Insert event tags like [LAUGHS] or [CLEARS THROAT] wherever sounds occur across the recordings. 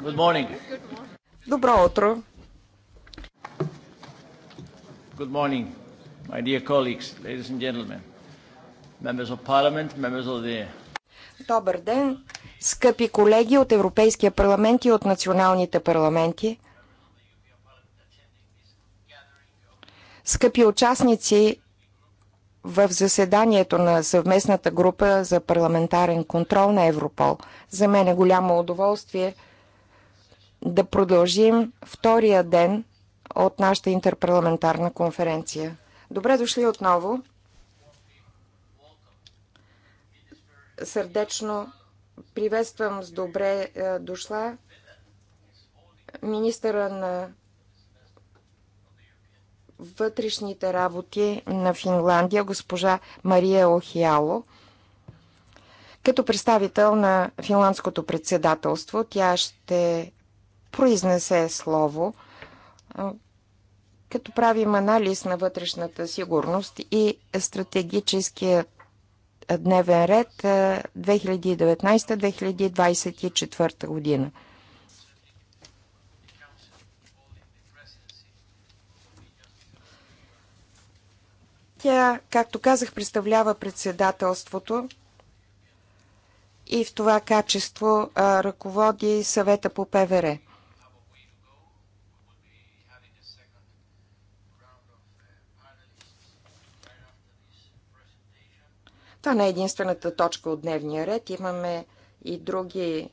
Good morning. Добро утро. Good morning, my dear colleagues, ladies and gentlemen, members of parliament, members of the... Добър ден, скъпи колеги от Европейския парламент и от националните парламенти. Скъпи участници в заседанието на съвместната група за парламентарен контрол на Европол. За мен е голямо удоволствие – да продължим втория ден от нашата интерпарламентарна конференция. Добре дошли отново. Сърдечно приветствам с добре е, дошла министъра на вътрешните работи на Финландия, госпожа Мария Охиало. Като представител на финландското председателство, тя ще произнесе слово, като правим анализ на вътрешната сигурност и стратегическия дневен ред 2019-2024 година. Тя, както казах, представлява председателството и в това качество а, ръководи съвета по ПВР. Това не е единствената точка от дневния ред. Имаме и други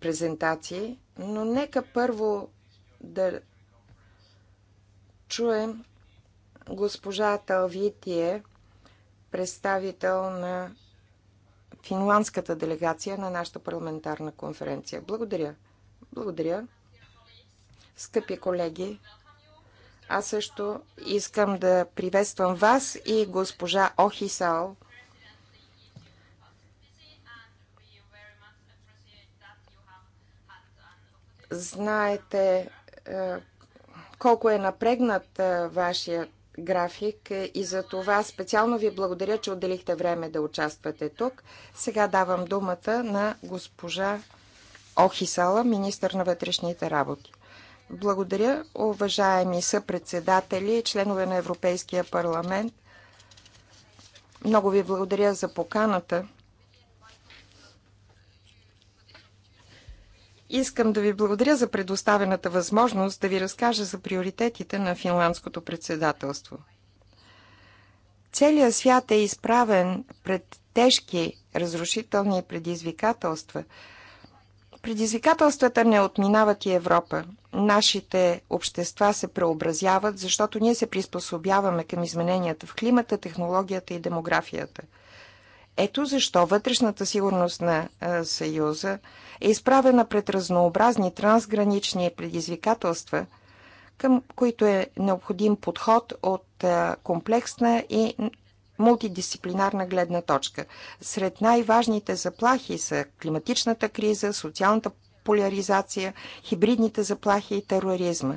презентации, но нека първо да чуем госпожа Талвитие, представител на финландската делегация на нашата парламентарна конференция. Благодаря. Благодаря. Скъпи колеги, аз също искам да приветствам вас и госпожа Охисал. Знаете е, колко е напрегнат е, вашият график и за това специално ви благодаря, че отделихте време да участвате тук. Сега давам думата на госпожа Охисала, министър на вътрешните работи. Благодаря, уважаеми съпредседатели, членове на Европейския парламент. Много ви благодаря за поканата. Искам да ви благодаря за предоставената възможност да ви разкажа за приоритетите на финландското председателство. Целият свят е изправен пред тежки разрушителни предизвикателства – Предизвикателствата не отминават и Европа. Нашите общества се преобразяват, защото ние се приспособяваме към измененията в климата, технологията и демографията. Ето защо вътрешната сигурност на Съюза е изправена пред разнообразни трансгранични предизвикателства, към които е необходим подход от комплексна и мултидисциплинарна гледна точка. Сред най-важните заплахи са климатичната криза, социалната поляризация, хибридните заплахи и тероризма.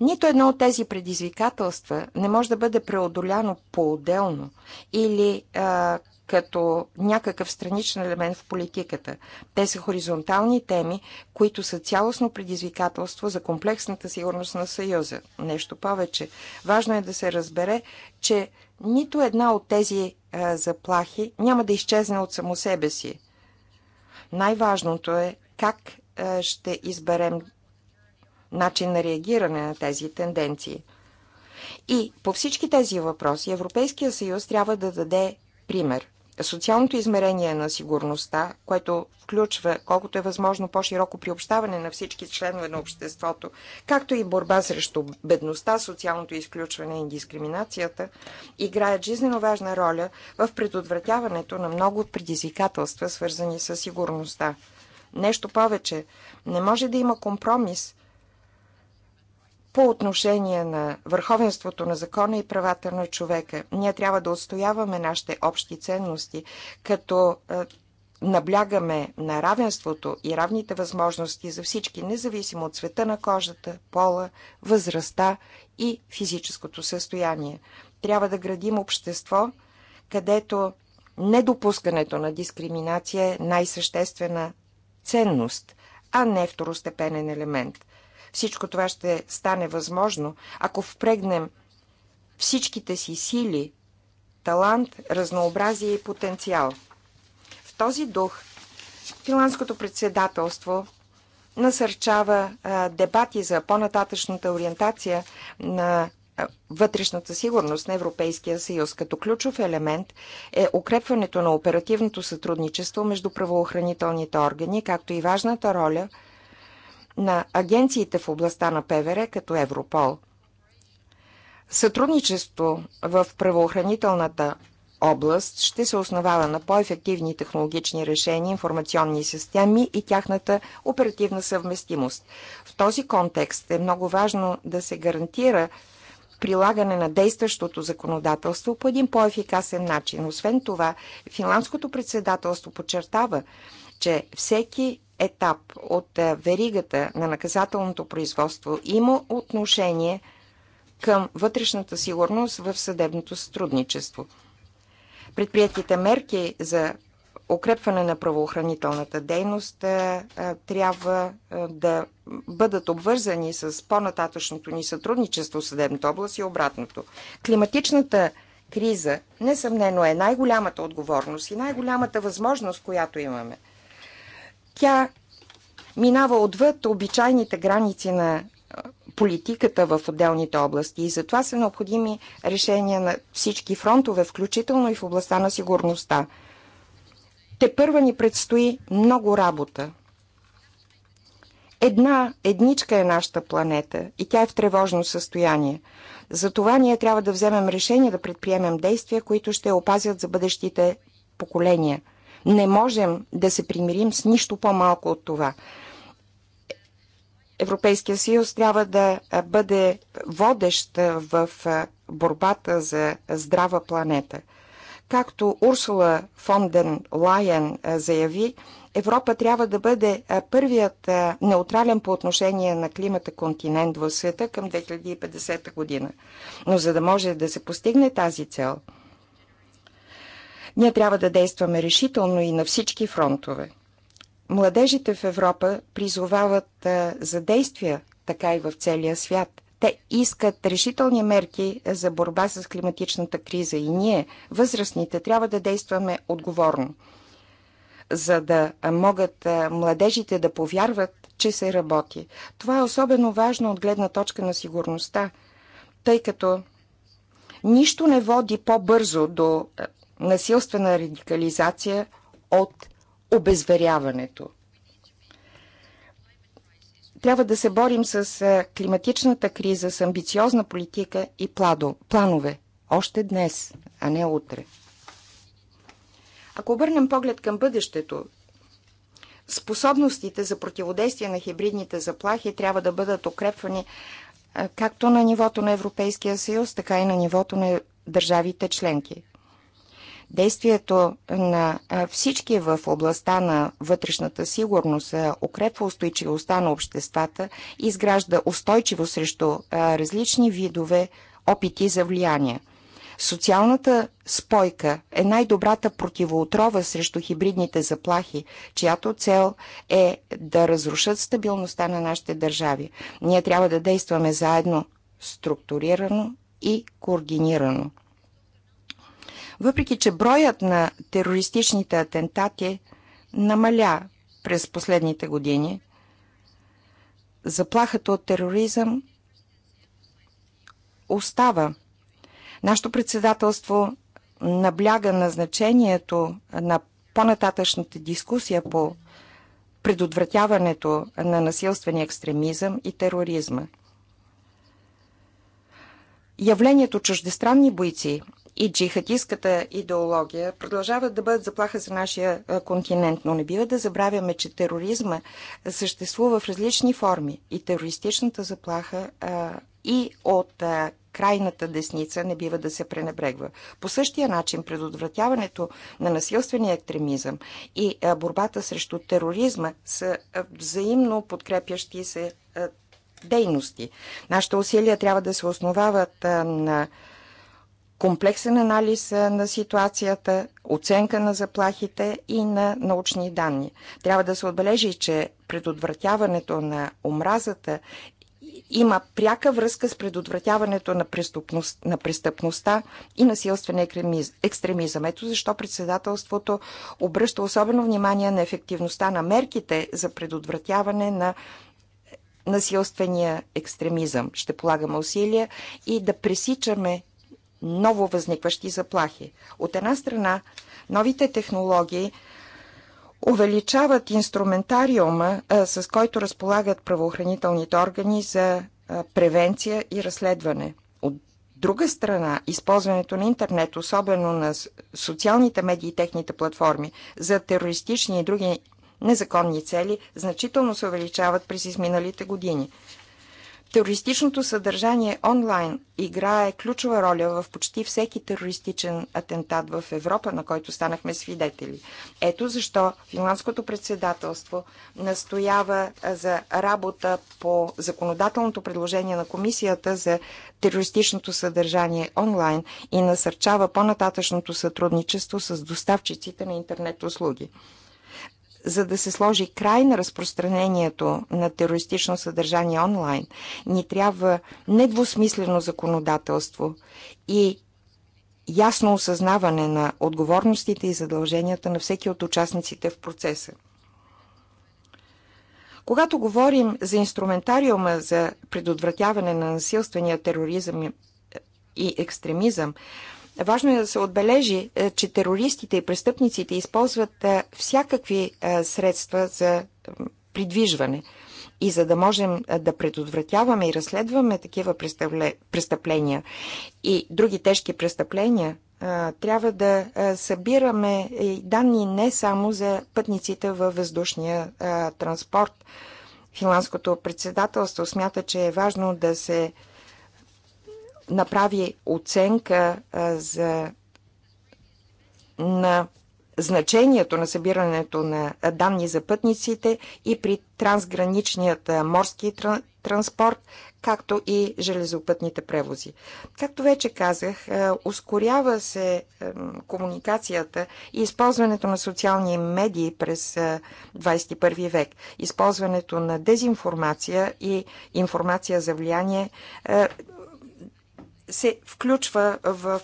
Нито едно от тези предизвикателства не може да бъде преодоляно по-отделно или а, като някакъв страничен елемент в политиката. Те са хоризонтални теми, които са цялостно предизвикателство за комплексната сигурност на Съюза. Нещо повече. Важно е да се разбере, че нито една от тези е, заплахи няма да изчезне от само себе си. Най-важното е как е, ще изберем начин на реагиране на тези тенденции. И по всички тези въпроси Европейския съюз трябва да даде пример социалното измерение на сигурността, което включва колкото е възможно по-широко приобщаване на всички членове на обществото, както и борба срещу бедността, социалното изключване и дискриминацията, играят жизненно важна роля в предотвратяването на много предизвикателства, свързани с сигурността. Нещо повече, не може да има компромис по отношение на върховенството на закона и правата на човека. Ние трябва да отстояваме нашите общи ценности, като е, наблягаме на равенството и равните възможности за всички, независимо от цвета на кожата, пола, възрастта и физическото състояние. Трябва да градим общество, където недопускането на дискриминация е най-съществена ценност, а не второстепенен елемент. Всичко това ще стане възможно, ако впрегнем всичките си сили, талант, разнообразие и потенциал. В този дух финландското председателство насърчава а, дебати за по-нататъчната ориентация на вътрешната сигурност на Европейския съюз. Като ключов елемент е укрепването на оперативното сътрудничество между правоохранителните органи, както и важната роля – на агенциите в областта на ПВР като Европол. Сътрудничество в правоохранителната област ще се основава на по-ефективни технологични решения, информационни системи и тяхната оперативна съвместимост. В този контекст е много важно да се гарантира прилагане на действащото законодателство по един по-ефикасен начин. Освен това, финландското председателство подчертава, че всеки етап от е, веригата на наказателното производство има отношение към вътрешната сигурност в съдебното сътрудничество. Предприятите мерки за укрепване на правоохранителната дейност е, е, трябва да бъдат обвързани с по-нататъчното ни сътрудничество в съдебната област и обратното. Климатичната криза несъмнено е най-голямата отговорност и най-голямата възможност, която имаме – тя минава отвъд обичайните граници на политиката в отделните области и затова са необходими решения на всички фронтове, включително и в областта на сигурността. Те първа ни предстои много работа. Една едничка е нашата планета и тя е в тревожно състояние. Затова ние трябва да вземем решение да предприемем действия, които ще опазят за бъдещите поколения – не можем да се примирим с нищо по-малко от това. Европейския съюз трябва да бъде водещ в борбата за здрава планета. Както Урсула фон ден Лайен заяви, Европа трябва да бъде първият неутрален по отношение на климата континент в света към 2050 година. Но за да може да се постигне тази цел – ние трябва да действаме решително и на всички фронтове. Младежите в Европа призовават за действия, така и в целия свят. Те искат решителни мерки за борба с климатичната криза и ние, възрастните, трябва да действаме отговорно, за да могат младежите да повярват, че се работи. Това е особено важно от гледна точка на сигурността, тъй като нищо не води по-бързо до насилствена радикализация от обезверяването. Трябва да се борим с климатичната криза, с амбициозна политика и пладо, планове. Още днес, а не утре. Ако обърнем поглед към бъдещето, способностите за противодействие на хибридните заплахи трябва да бъдат укрепвани както на нивото на Европейския съюз, така и на нивото на държавите членки. Действието на всички в областта на вътрешната сигурност укрепва устойчивостта на обществата и изгражда устойчиво срещу различни видове опити за влияние. Социалната спойка е най-добрата противоотрова срещу хибридните заплахи, чиято цел е да разрушат стабилността на нашите държави. Ние трябва да действаме заедно, структурирано и координирано. Въпреки, че броят на терористичните атентати намаля през последните години, заплахата от тероризъм остава. Нашето председателство набляга на значението на по-нататъчната дискусия по предотвратяването на насилствения екстремизъм и тероризма. Явлението чуждестранни бойци и джихадистката идеология продължават да бъдат заплаха за нашия континент, но не бива да забравяме, че тероризма съществува в различни форми и терористичната заплаха и от крайната десница не бива да се пренебрегва. По същия начин предотвратяването на насилствения екстремизъм и борбата срещу тероризма са взаимно подкрепящи се дейности. Нашите усилия трябва да се основават на комплексен анализ на ситуацията, оценка на заплахите и на научни данни. Трябва да се отбележи, че предотвратяването на омразата има пряка връзка с предотвратяването на, преступност, на престъпността и насилствения екстремизъм. Ето защо председателството обръща особено внимание на ефективността на мерките за предотвратяване на насилствения екстремизъм. Ще полагаме усилия и да пресичаме ново възникващи заплахи. От една страна, новите технологии увеличават инструментариума, с който разполагат правоохранителните органи за превенция и разследване. От друга страна, използването на интернет, особено на социалните медии и техните платформи за терористични и други незаконни цели, значително се увеличават през изминалите години. Терористичното съдържание онлайн играе ключова роля в почти всеки терористичен атентат в Европа, на който станахме свидетели. Ето защо финландското председателство настоява за работа по законодателното предложение на комисията за терористичното съдържание онлайн и насърчава по-нататъчното сътрудничество с доставчиците на интернет услуги за да се сложи край на разпространението на терористично съдържание онлайн, ни трябва недвусмислено законодателство и ясно осъзнаване на отговорностите и задълженията на всеки от участниците в процеса. Когато говорим за инструментариума за предотвратяване на насилствения тероризъм и е, екстремизъм, Важно е да се отбележи, е, че терористите и престъпниците използват е, всякакви е, средства за придвижване. И за да можем да предотвратяваме и разследваме такива престъпления и други тежки престъпления, трябва да събираме данни не само за пътниците във въздушния транспорт. Финландското председателство смята, че е важно да се направи оценка за, на значението на събирането на данни за пътниците и при трансграничният морски транспорт, както и железопътните превози. Както вече казах, ускорява се комуникацията и използването на социални медии през 21 век. Използването на дезинформация и информация за влияние се включва в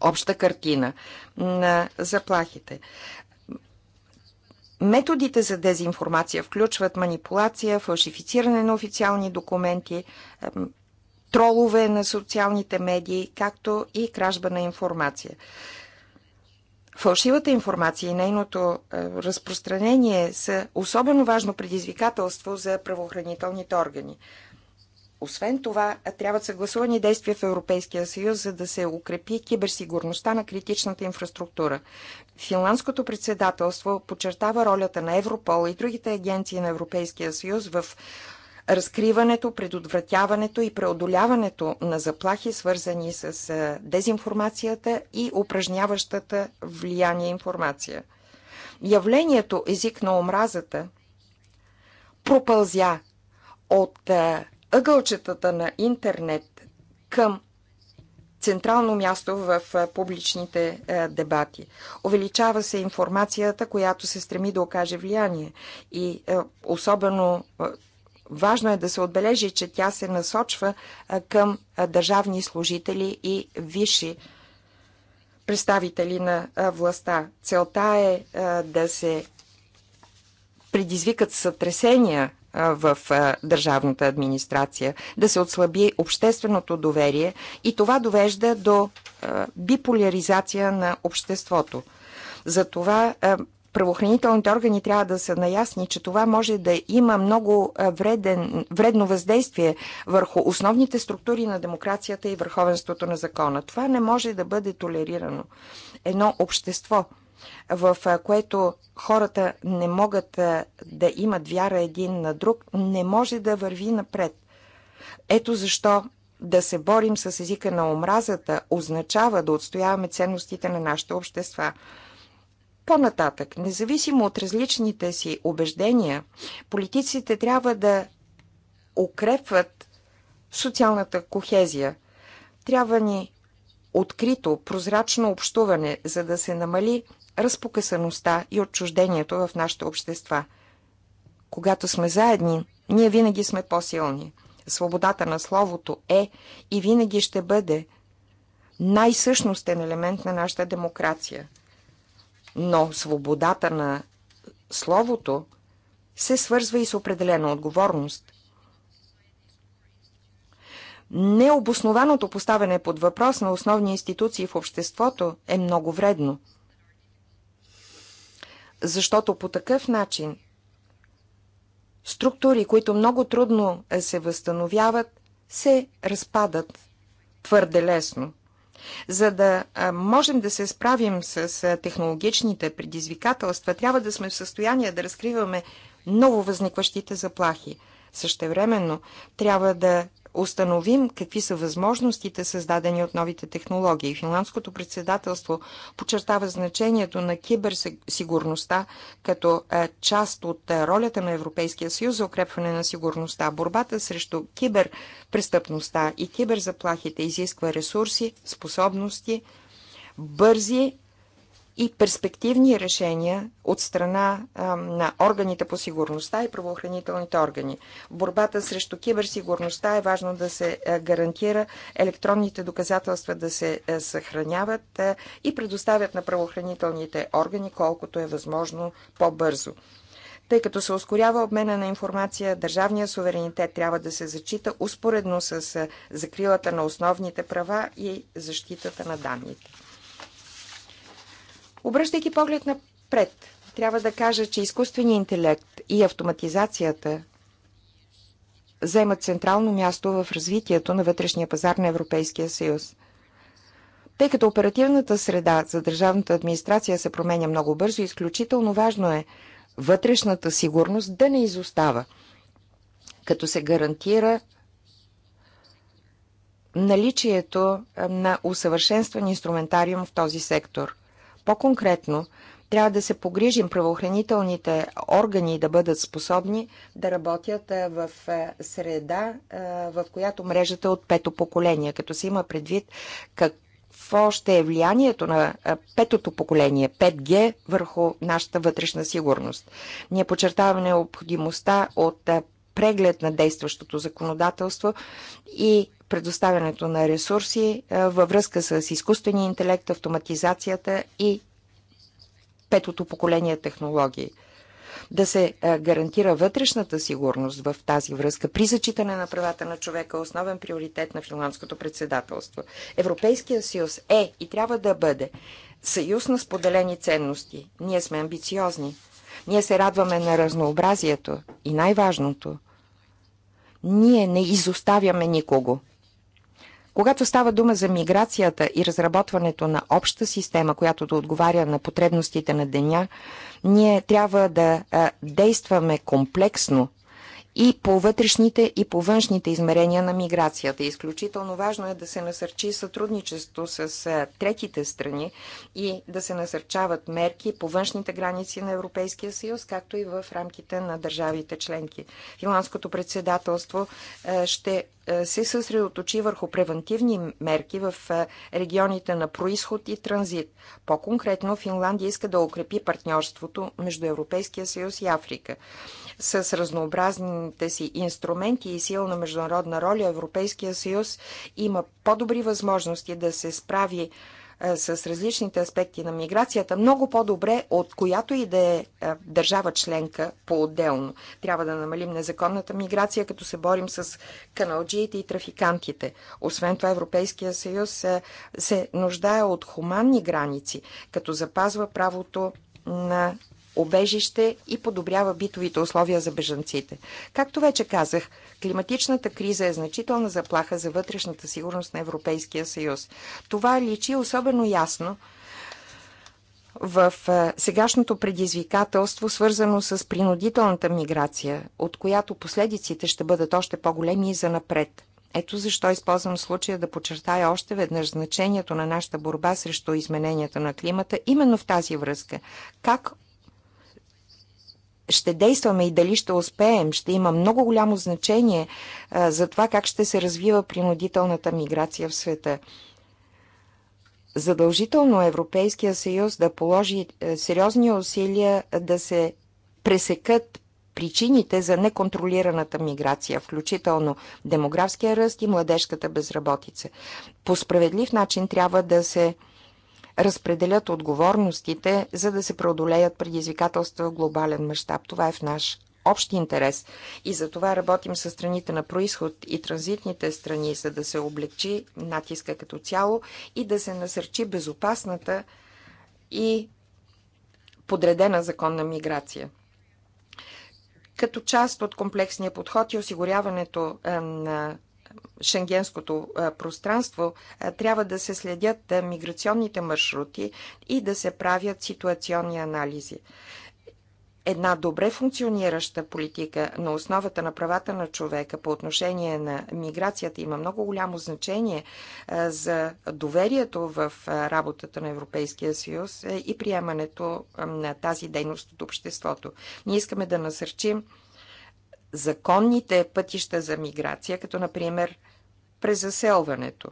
обща картина на заплахите. Методите за дезинформация включват манипулация, фалшифициране на официални документи, тролове на социалните медии, както и кражба на информация. Фалшивата информация и нейното разпространение са особено важно предизвикателство за правоохранителните органи. Освен това, трябват съгласувани действия в Европейския съюз, за да се укрепи киберсигурността на критичната инфраструктура. Финландското председателство подчертава ролята на Европол и другите агенции на Европейския съюз в разкриването, предотвратяването и преодоляването на заплахи, свързани с дезинформацията и упражняващата влияние информация. Явлението език на омразата пропълзя от ъгълчетата на интернет към централно място в публичните дебати. Увеличава се информацията, която се стреми да окаже влияние. И особено важно е да се отбележи, че тя се насочва към държавни служители и висши представители на властта. Целта е да се предизвикат сътресения в държавната администрация, да се отслаби общественото доверие и това довежда до биполяризация на обществото. Затова правоохранителните органи трябва да са наясни, че това може да има много вреден, вредно въздействие върху основните структури на демокрацията и върховенството на закона. Това не може да бъде толерирано. Едно общество – в което хората не могат да имат вяра един на друг, не може да върви напред. Ето защо да се борим с езика на омразата означава да отстояваме ценностите на нашите общества. По-нататък, независимо от различните си убеждения, политиците трябва да укрепват социалната кохезия. Трябва ни открито, прозрачно общуване, за да се намали разпокъсаността и отчуждението в нашите общества. Когато сме заедни, ние винаги сме по-силни. Свободата на словото е и винаги ще бъде най-същностен елемент на нашата демокрация. Но свободата на словото се свързва и с определена отговорност. Необоснованото поставяне под въпрос на основни институции в обществото е много вредно – защото по такъв начин структури, които много трудно се възстановяват, се разпадат твърде лесно. За да можем да се справим с технологичните предизвикателства, трябва да сме в състояние да разкриваме ново възникващите заплахи. Същевременно трябва да установим какви са възможностите, създадени от новите технологии. Финландското председателство подчертава значението на киберсигурността като е, част от е, ролята на Европейския съюз за укрепване на сигурността. Борбата срещу киберпрестъпността и киберзаплахите изисква ресурси, способности, бързи и перспективни решения от страна а, на органите по сигурността и правоохранителните органи. В борбата срещу киберсигурността е важно да се гарантира електронните доказателства да се съхраняват а, и предоставят на правоохранителните органи колкото е възможно по-бързо. Тъй като се ускорява обмена на информация, държавния суверенитет трябва да се зачита успоредно с закрилата на основните права и защитата на данните. Обръщайки поглед напред, трябва да кажа, че изкуственият интелект и автоматизацията заемат централно място в развитието на вътрешния пазар на Европейския съюз. Тъй като оперативната среда за държавната администрация се променя много бързо, изключително важно е вътрешната сигурност да не изостава, като се гарантира наличието на усъвършенстван инструментариум в този сектор – по-конкретно, трябва да се погрижим правоохранителните органи да бъдат способни да работят в среда, в която мрежата е от пето поколение, като се има предвид какво ще е влиянието на петото поколение, 5G, върху нашата вътрешна сигурност. Ние подчертаваме необходимостта от преглед на действащото законодателство и предоставянето на ресурси е, във връзка с изкуствения интелект, автоматизацията и петото поколение технологии. Да се е, гарантира вътрешната сигурност в тази връзка при зачитане на правата на човека е основен приоритет на финландското председателство. Европейския съюз е и трябва да бъде съюз на споделени ценности. Ние сме амбициозни. Ние се радваме на разнообразието и най-важното – ние не изоставяме никого. Когато става дума за миграцията и разработването на обща система, която да отговаря на потребностите на деня, ние трябва да действаме комплексно и по вътрешните и по външните измерения на миграцията. Изключително важно е да се насърчи сътрудничество с е, третите страни и да се насърчават мерки по външните граници на Европейския съюз, както и в рамките на държавите членки. Финландското председателство е, ще е, се съсредоточи върху превентивни мерки в регионите на происход и транзит. По-конкретно Финландия иска да укрепи партньорството между Европейския съюз и Африка с разнообразните си инструменти и силна международна роля, Европейския съюз има по-добри възможности да се справи е, с различните аспекти на миграцията много по-добре от която и да е, е държава членка по-отделно. Трябва да намалим незаконната миграция, като се борим с каналджиите и трафикантите. Освен това, Европейския съюз се, се нуждае от хуманни граници, като запазва правото на обежище и подобрява битовите условия за бежанците. Както вече казах, климатичната криза е значителна заплаха за вътрешната сигурност на Европейския съюз. Това личи особено ясно в сегашното предизвикателство, свързано с принудителната миграция, от която последиците ще бъдат още по-големи и за напред. Ето защо използвам случая да подчертая още веднъж значението на нашата борба срещу измененията на климата именно в тази връзка. Как ще действаме и дали ще успеем, ще има много голямо значение а, за това как ще се развива принудителната миграция в света. Задължително е Европейския съюз да положи е, сериозни усилия да се пресекат причините за неконтролираната миграция, включително демографския ръст и младежката безработица. По справедлив начин трябва да се разпределят отговорностите, за да се преодолеят предизвикателства в глобален мащаб. Това е в наш общ интерес и за това работим с страните на происход и транзитните страни, за да се облегчи натиска като цяло и да се насърчи безопасната и подредена законна миграция. Като част от комплексния подход и осигуряването е, на шенгенското пространство, трябва да се следят миграционните маршрути и да се правят ситуационни анализи. Една добре функционираща политика на основата на правата на човека по отношение на миграцията има много голямо значение за доверието в работата на Европейския съюз и приемането на тази дейност от обществото. Ние искаме да насърчим законните пътища за миграция, като например през заселването.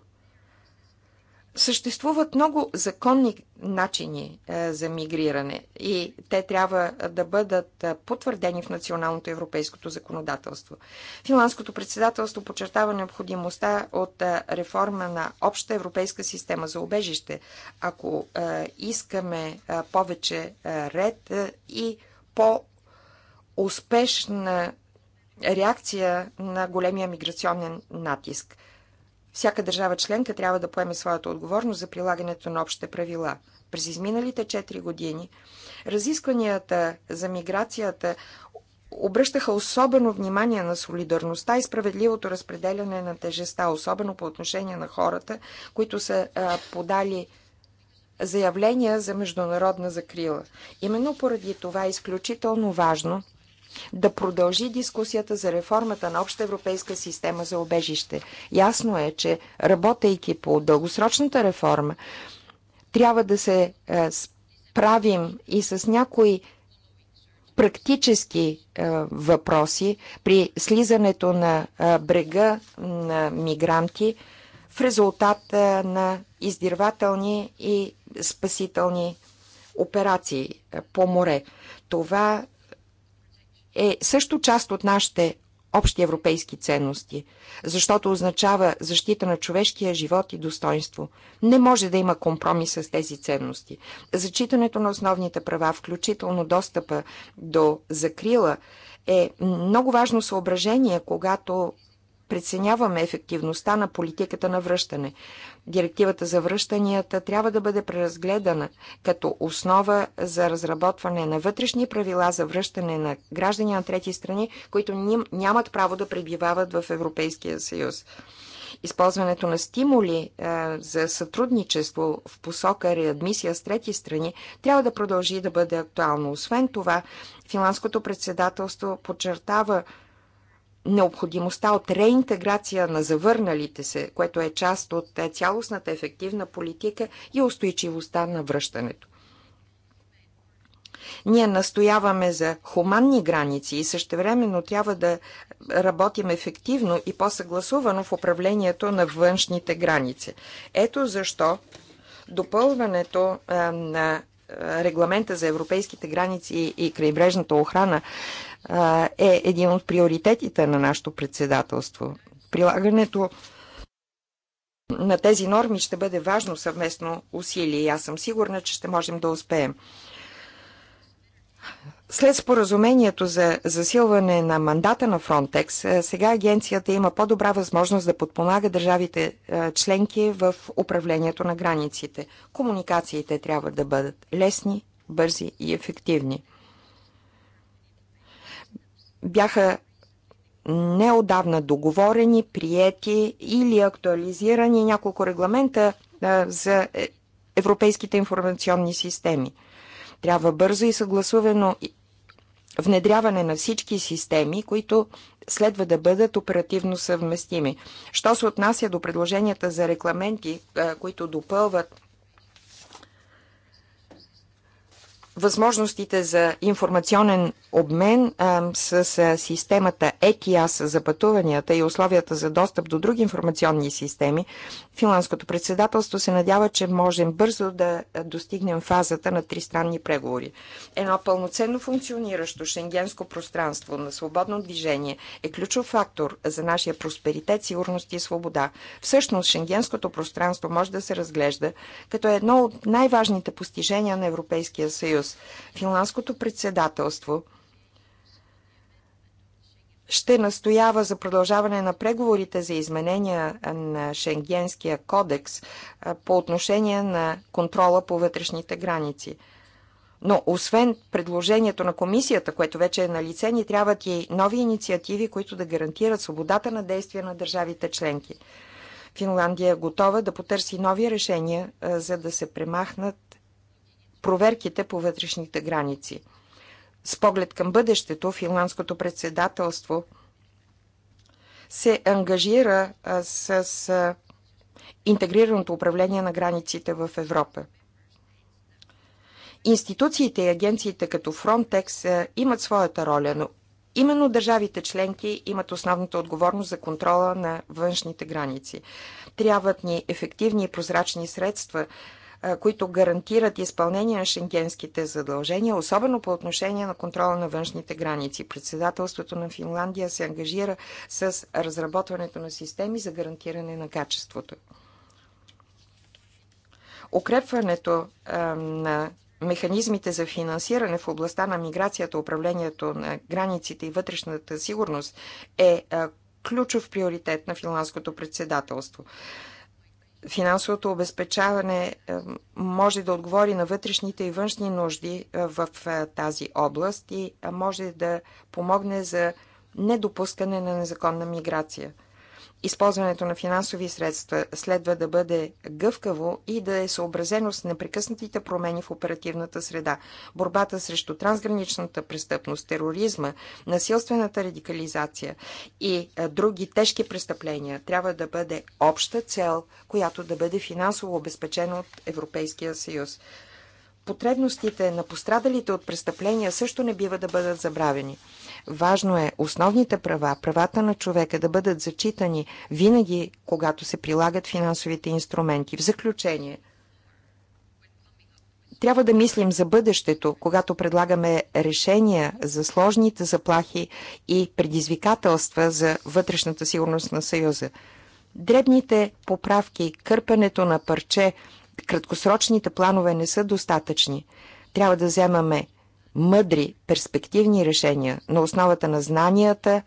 Съществуват много законни начини е, за мигриране и те трябва да бъдат е, потвърдени в националното европейското законодателство. Финландското председателство подчертава необходимостта от е, реформа на обща европейска система за убежище, ако искаме повече ред и по-успешна реакция на големия миграционен натиск. Всяка държава членка трябва да поеме своята отговорност за прилагането на общите правила. През изминалите 4 години разискванията за миграцията обръщаха особено внимание на солидарността и справедливото разпределяне на тежеста, особено по отношение на хората, които са а, подали заявления за международна закрила. Именно поради това е изключително важно да продължи дискусията за реформата на обща европейска система за обежище. Ясно е, че работейки по дългосрочната реформа, трябва да се е, справим и с някои практически е, въпроси при слизането на е, брега на мигранти в резултат е, на издирвателни и спасителни операции е, по море. Това е също част от нашите общи европейски ценности, защото означава защита на човешкия живот и достоинство. Не може да има компромис с тези ценности. Зачитането на основните права, включително достъпа до закрила, е много важно съображение, когато преценяваме ефективността на политиката на връщане. Директивата за връщанията трябва да бъде преразгледана като основа за разработване на вътрешни правила за връщане на граждани на трети страни, които нямат право да пребивават в Европейския съюз. Използването на стимули а, е, за сътрудничество в посока реадмисия с трети страни трябва да продължи да бъде актуално. Освен това, финландското председателство подчертава необходимостта от реинтеграция на завърналите се, което е част от е цялостната ефективна политика и устойчивостта на връщането. Ние настояваме за хуманни граници и същевременно трябва да работим ефективно и по-съгласувано в управлението на външните граници. Ето защо допълването на регламента за европейските граници и крайбрежната охрана е един от приоритетите на нашето председателство. Прилагането на тези норми ще бъде важно съвместно усилие и аз съм сигурна, че ще можем да успеем. След споразумението за засилване на мандата на Frontex, сега агенцията има по-добра възможност да подпомага държавите членки в управлението на границите. Комуникациите трябва да бъдат лесни, бързи и ефективни бяха неодавна договорени, приети или актуализирани няколко регламента за е, европейските информационни системи. Трябва бързо и съгласувано внедряване на всички системи, които следва да бъдат оперативно съвместими. Що се отнася до предложенията за регламенти, които допълват възможностите за информационен обмен а, с а, системата ЕКИАС за пътуванията и условията за достъп до други информационни системи, финландското председателство се надява, че можем бързо да достигнем фазата на тристранни преговори. Едно пълноценно функциониращо шенгенско пространство на свободно движение е ключов фактор за нашия просперитет, сигурност и свобода. Всъщност, шенгенското пространство може да се разглежда като едно от най-важните постижения на Европейския съюз съюз. Финландското председателство ще настоява за продължаване на преговорите за изменения на Шенгенския кодекс по отношение на контрола по вътрешните граници. Но освен предложението на комисията, което вече е на лице, ни трябват и нови инициативи, които да гарантират свободата на действие на държавите членки. Финландия е готова да потърси нови решения, за да се премахнат проверките по вътрешните граници. С поглед към бъдещето, финландското председателство се ангажира с интегрираното управление на границите в Европа. Институциите и агенциите като Frontex имат своята роля, но именно държавите членки имат основната отговорност за контрола на външните граници. Трябват ни ефективни и прозрачни средства които гарантират изпълнение на шенгенските задължения, особено по отношение на контрола на външните граници. Председателството на Финландия се ангажира с разработването на системи за гарантиране на качеството. Укрепването на механизмите за финансиране в областта на миграцията, управлението на границите и вътрешната сигурност е ключов приоритет на финландското председателство финансовото обезпечаване е, може да отговори на вътрешните и външни нужди е, в е, тази област и може да помогне за недопускане на незаконна миграция. Използването на финансови средства следва да бъде гъвкаво и да е съобразено с непрекъснатите промени в оперативната среда. Борбата срещу трансграничната престъпност, тероризма, насилствената радикализация и други тежки престъпления трябва да бъде обща цел, която да бъде финансово обезпечена от Европейския съюз. Потребностите на пострадалите от престъпления също не бива да бъдат забравени. Важно е основните права, правата на човека да бъдат зачитани винаги, когато се прилагат финансовите инструменти. В заключение, трябва да мислим за бъдещето, когато предлагаме решения за сложните заплахи и предизвикателства за вътрешната сигурност на Съюза. Дребните поправки, кърпенето на парче, краткосрочните планове не са достатъчни. Трябва да вземаме мъдри, перспективни решения на основата на знанията,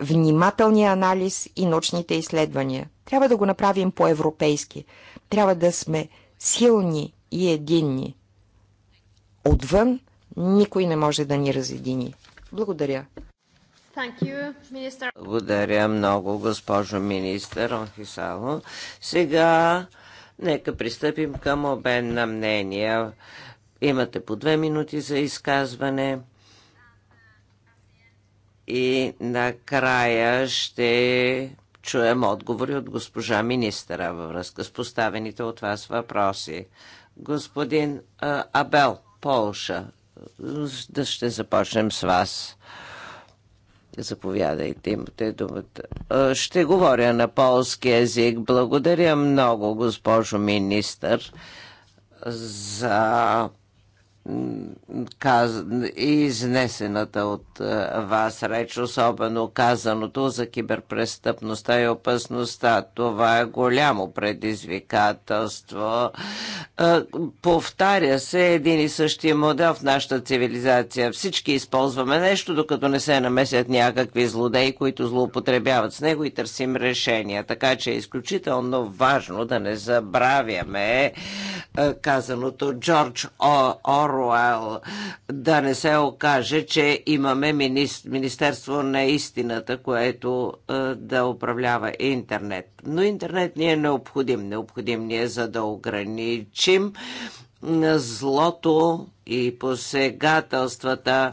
внимателния анализ и научните изследвания. Трябва да го направим по-европейски. Трябва да сме силни и единни. Отвън никой не може да ни разедини. Благодаря. You, Благодаря много, госпожо министър Онхисало. Сега нека пристъпим към обен на мнения. Имате по две минути за изказване. И накрая ще чуем отговори от госпожа министъра във връзка с поставените от вас въпроси. Господин Абел, Полша, да ще започнем с вас. Заповядайте, имате думата. Ще говоря на полски язик. Благодаря много, госпожо министър, за каз... изнесената от е, вас реч, особено казаното за киберпрестъпността и опасността. Това е голямо предизвикателство. Е, повтаря се един и същия модел в нашата цивилизация. Всички използваме нещо, докато не се намесят някакви злодеи, които злоупотребяват с него и търсим решения. Така че е изключително важно да не забравяме е, казаното Джордж О. Ор Руел Да не се окаже, че имаме Министерство на истината, което е, да управлява интернет. Но интернет ни е необходим. Необходим ни е за да ограничим злото и посегателствата,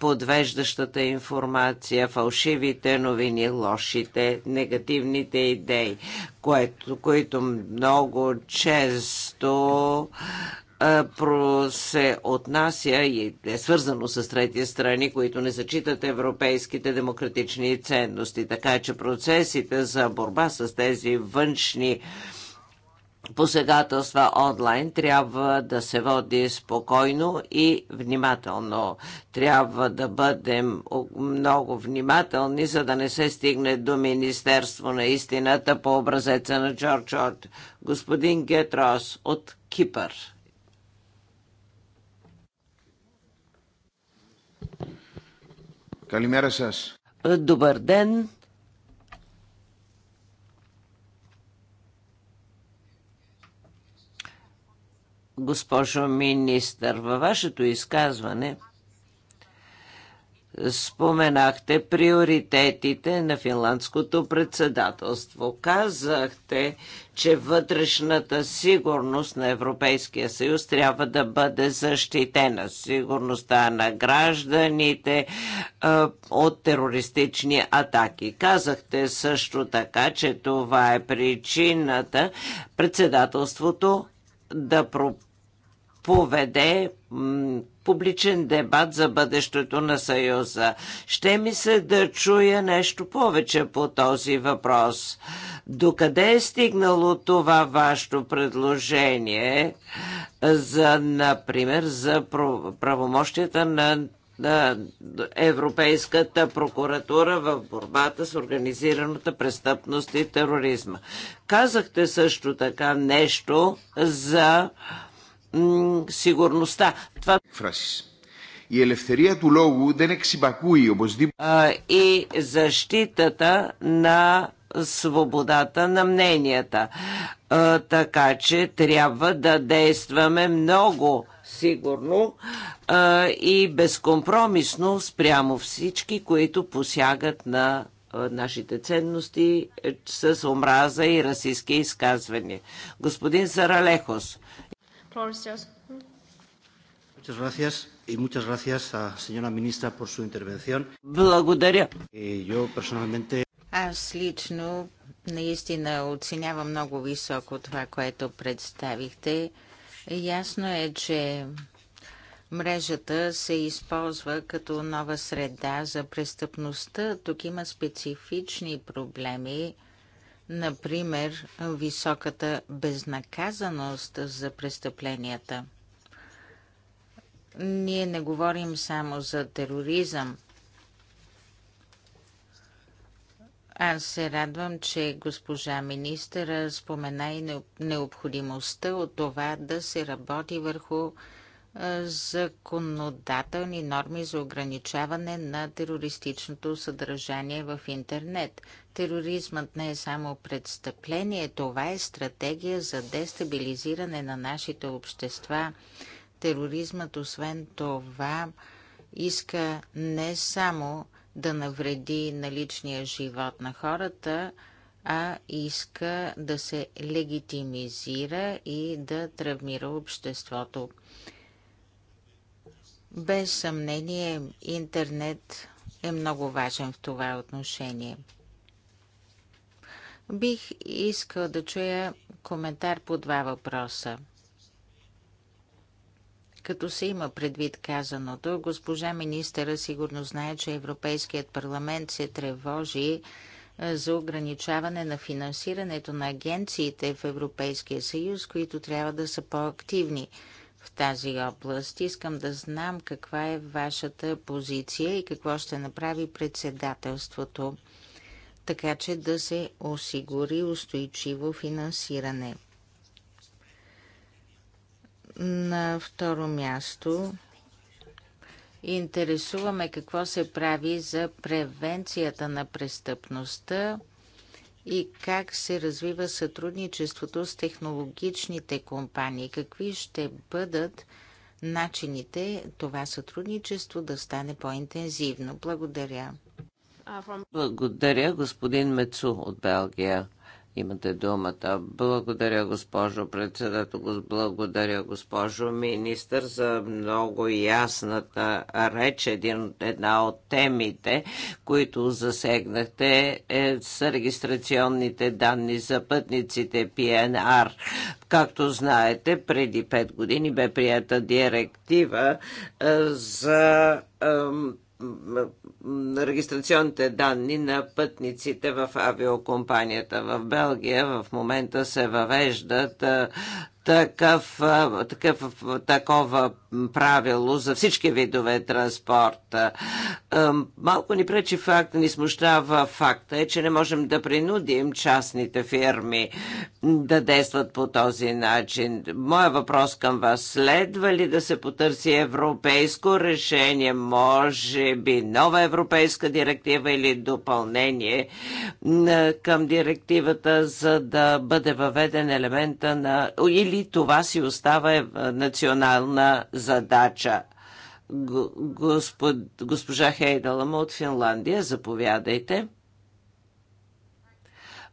подвеждащата информация, фалшивите новини, лошите, негативните идеи, което, които много често Про се отнася и е свързано с трети страни, които не зачитат европейските демократични ценности. Така че процесите за борба с тези външни посегателства онлайн трябва да се води спокойно и внимателно. Трябва да бъдем много внимателни, за да не се стигне до Министерство на истината по образеца на Джордж Орд. Господин Гетрос от Кипър. Καλημέρα σας. Е, добър ден. Госпожо министър, във вашето изказване – Споменахте приоритетите на финландското председателство. Казахте, че вътрешната сигурност на Европейския съюз трябва да бъде защитена. Сигурността на гражданите а, е, от терористични атаки. Казахте също така, че това е причината председателството да поведе публичен дебат за бъдещето на Съюза. Ще ми се да чуя нещо повече по този въпрос. Докъде е стигнало това вашето предложение за, например, за правомощията на на Европейската прокуратура в борбата с организираната престъпност и тероризма. Казахте също така нещо за сигурността. Това... Η ελευθερία του λόγου δεν εξυπακούει οπωσδήποτε. И защитата на свободата на мненията. А, така че трябва да действаме много сигурно а, и безкомпромисно спрямо всички, които посягат на а, нашите ценности е, с омраза и расистски изказвания. Господин Саралехос, Muchas gracias y muchas gracias a señora ministra por su intervención. Благодаря. Yo personalmente аз лично наистина оценявам много високо това, което представихте. Ясно е, че мрежата се използва като нова среда за престъпността. Тук има специфични проблеми Например, високата безнаказаност за престъпленията. Ние не говорим само за тероризъм. Аз се радвам, че госпожа министъра спомена и необходимостта от това да се работи върху законодателни норми за ограничаване на терористичното съдържание в интернет. Тероризмът не е само престъпление, това е стратегия за дестабилизиране на нашите общества. Тероризмът, освен това, иска не само да навреди на личния живот на хората, а иска да се легитимизира и да травмира обществото. Без съмнение, интернет е много важен в това отношение. Бих искал да чуя коментар по два въпроса. Като се има предвид казаното, госпожа министъра сигурно знае, че Европейският парламент се тревожи за ограничаване на финансирането на агенциите в Европейския съюз, които трябва да са по-активни в тази област. Искам да знам каква е вашата позиция и какво ще направи председателството, така че да се осигури устойчиво финансиране. На второ място интересуваме какво се прави за превенцията на престъпността и как се развива сътрудничеството с технологичните компании? Какви ще бъдат начините това сътрудничество да стане по-интензивно? Благодаря. Благодаря, господин Мецу от Белгия. Имате думата. Благодаря, госпожо председател, благодаря, госпожо министър, за много ясната реч. Един, една от темите, които засегнахте, е, с регистрационните данни за пътниците PNR. Както знаете, преди 5 години бе прията директива е, за регистрационните данни на пътниците в авиокомпанията. В Белгия в момента се въвеждат такъв, такъв, такова правило за всички видове транспорт. Малко ни пречи факт, ни смущава факта е, че не можем да принудим частните фирми да действат по този начин. Моя въпрос към вас следва ли да се потърси европейско решение, може би нова европейска директива или допълнение към директивата, за да бъде въведен елемента на или или това си остава е, национална задача. Господ, госпожа Хейдалама от Финландия, заповядайте.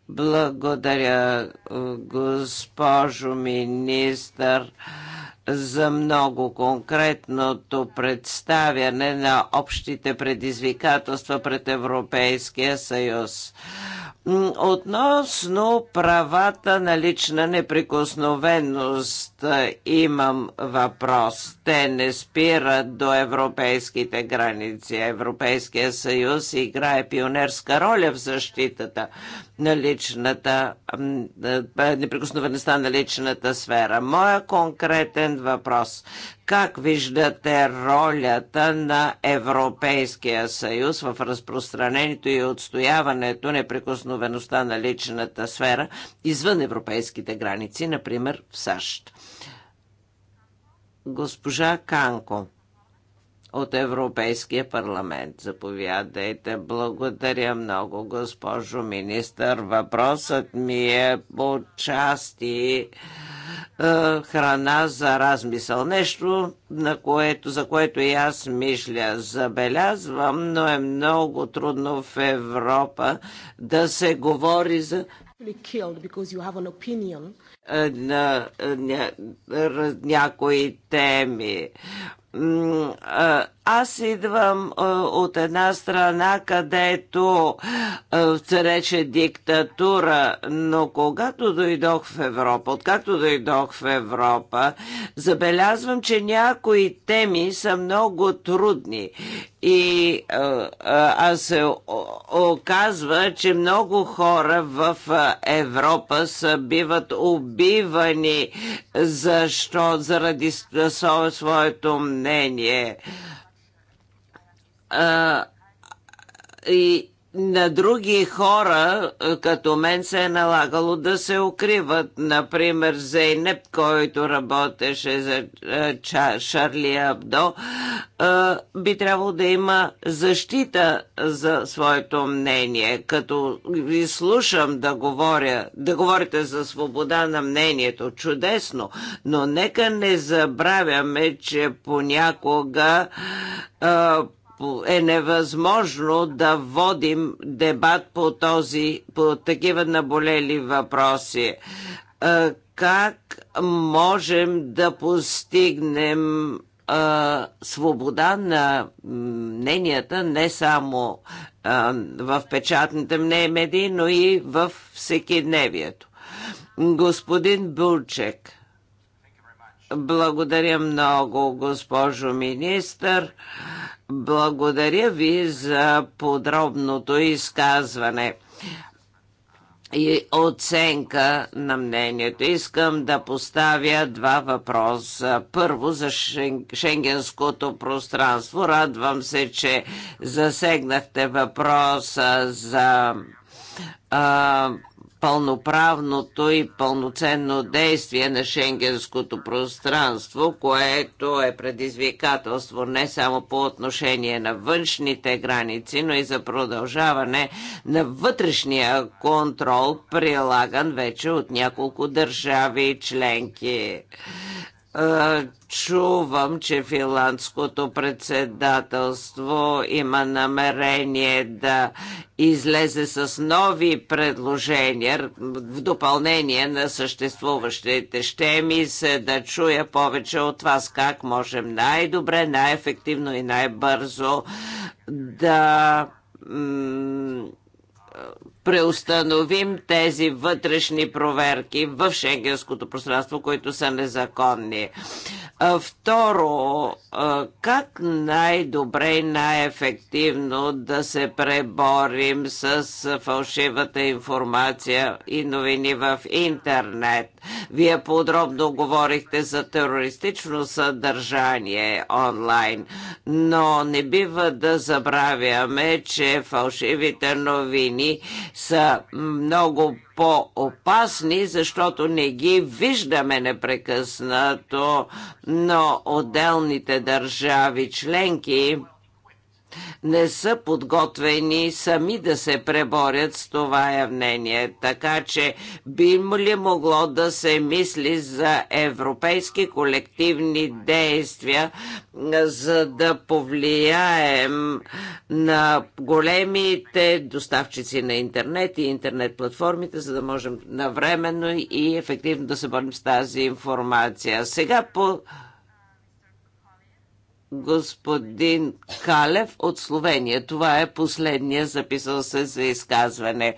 Благодаря, госпожо министър, за много конкретното представяне на общите предизвикателства пред Европейския съюз. Относно правата на лична неприкосновеност имам въпрос. Те не спират до европейските граници. Европейския съюз играе пионерска роля в защитата на личната, е, е, неприкосновеността на личната сфера. Моя конкретен въпрос. Как виждате ролята на Европейския съюз в разпространението и отстояването неприкосновеността на личната сфера извън европейските граници, например в САЩ? Госпожа Канко от Европейския парламент. Заповядайте. Благодаря много, госпожо министър. Въпросът ми е по части е, храна за размисъл. Нещо, на което, за което и аз мисля, забелязвам, но е много трудно в Европа да се говори за е, на, е, някои теми аз идвам от една страна, където се диктатура, но когато дойдох в Европа, откакто дойдох в Европа, забелязвам, че някои теми са много трудни и а се оказва, че много хора в Европа са биват убивани защо? Заради своето мнение мнение. А, и на други хора, е, като мен, се е налагало да се укриват. Например, Зейнеп, който работеше за е, Шарли Абдо, е, би трябвало да има защита за своето мнение. Като ви слушам да, говоря, да говорите за свобода на мнението, чудесно, но нека не забравяме, че понякога е невъзможно да водим дебат по, този, по такива наболели въпроси. Е, как можем да постигнем е, свобода на мненията не само е, в печатните медии, но и в всекидневието. Господин Булчек, благодаря много, госпожо министър. Благодаря ви за подробното изказване и оценка на мнението. Искам да поставя два въпроса. Първо за шенгенското пространство. Радвам се, че засегнахте въпроса за а, пълноправното и пълноценно действие на шенгенското пространство, което е предизвикателство не само по отношение на външните граници, но и за продължаване на вътрешния контрол, прилаган вече от няколко държави членки. Чувам, че финландското председателство има намерение да излезе с нови предложения в допълнение на съществуващите. Ще ми се да чуя повече от вас как можем най-добре, най-ефективно и най-бързо да преустановим тези вътрешни проверки в шенгенското пространство, които са незаконни. Второ, как най-добре и най-ефективно да се преборим с фалшивата информация и новини в интернет? Вие подробно говорихте за терористично съдържание онлайн, но не бива да забравяме, че фалшивите новини са много по-опасни, защото не ги виждаме непрекъснато, но отделните държави членки не са подготвени сами да се преборят с това явление. Така че би ли могло да се мисли за европейски колективни действия, за да повлияем на големите доставчици на интернет и интернет платформите, за да можем навременно и ефективно да се борим с тази информация. Сега по господин Калев от Словения. Това е последния записал се за изказване.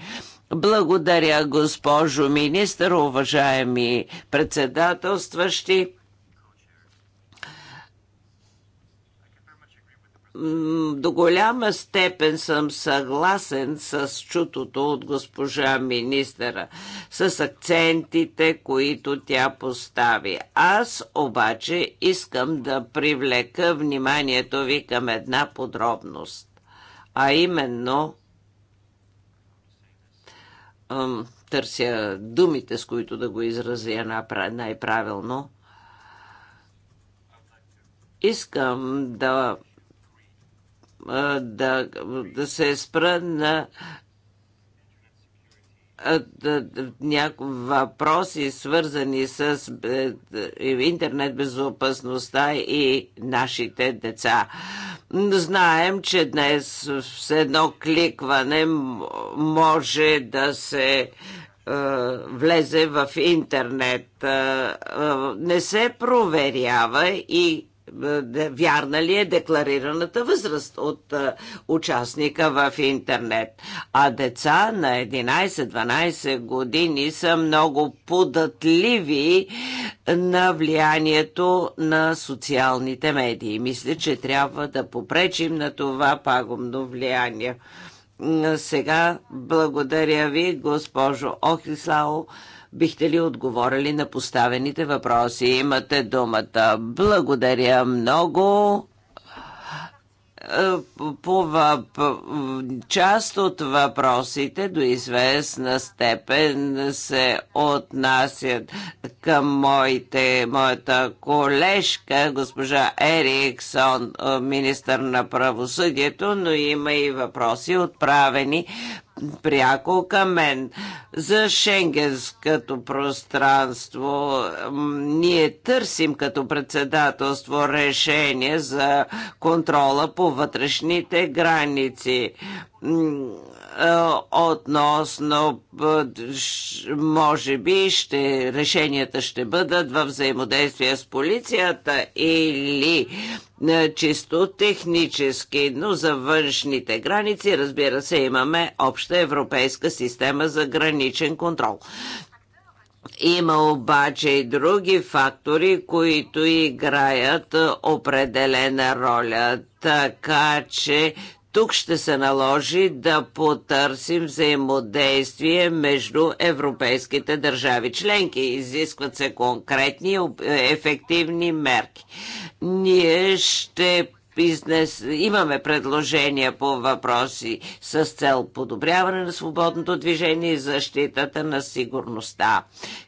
Благодаря, госпожо министър, уважаеми председателстващи. до голяма степен съм съгласен с чутото от госпожа министъра, с акцентите, които тя постави. Аз обаче искам да привлека вниманието ви към една подробност, а именно търся думите, с които да го изразя най-правилно – искам да да, да се спра на някои въпроси, свързани с е, е, интернет безопасността и нашите деца. Знаем, че днес с едно кликване може да се е, влезе в интернет. Не се проверява и е, е, вярна ли е декларираната възраст от е, участника в интернет. А деца на 11-12 години са много податливи на влиянието на социалните медии. Мисля, че трябва да попречим на това пагубно влияние. Сега благодаря ви, госпожо Охислао. Бихте ли отговорили на поставените въпроси? Имате думата. Благодаря много е, по част от въпросите до известна степен се отнасят към моите, моята колежка, госпожа Ериксон, е, министър на правосъдието, но има и въпроси отправени пряко към мен. За шенгенското пространство ние търсим като председателство решение за контрола по вътрешните граници е, относно е, може би ще, решенията ще бъдат във взаимодействие с полицията или е, чисто технически, но за външните граници, разбира се, имаме обща европейска система за граничен контрол. Има обаче и други фактори, които играят определена роля, така че тук ще се наложи да потърсим взаимодействие между европейските държави членки. Изискват се конкретни ефективни мерки. Ние ще Бизнес имаме предложения по въпроси с цел подобряване на свободното движение и защитата на сигурността.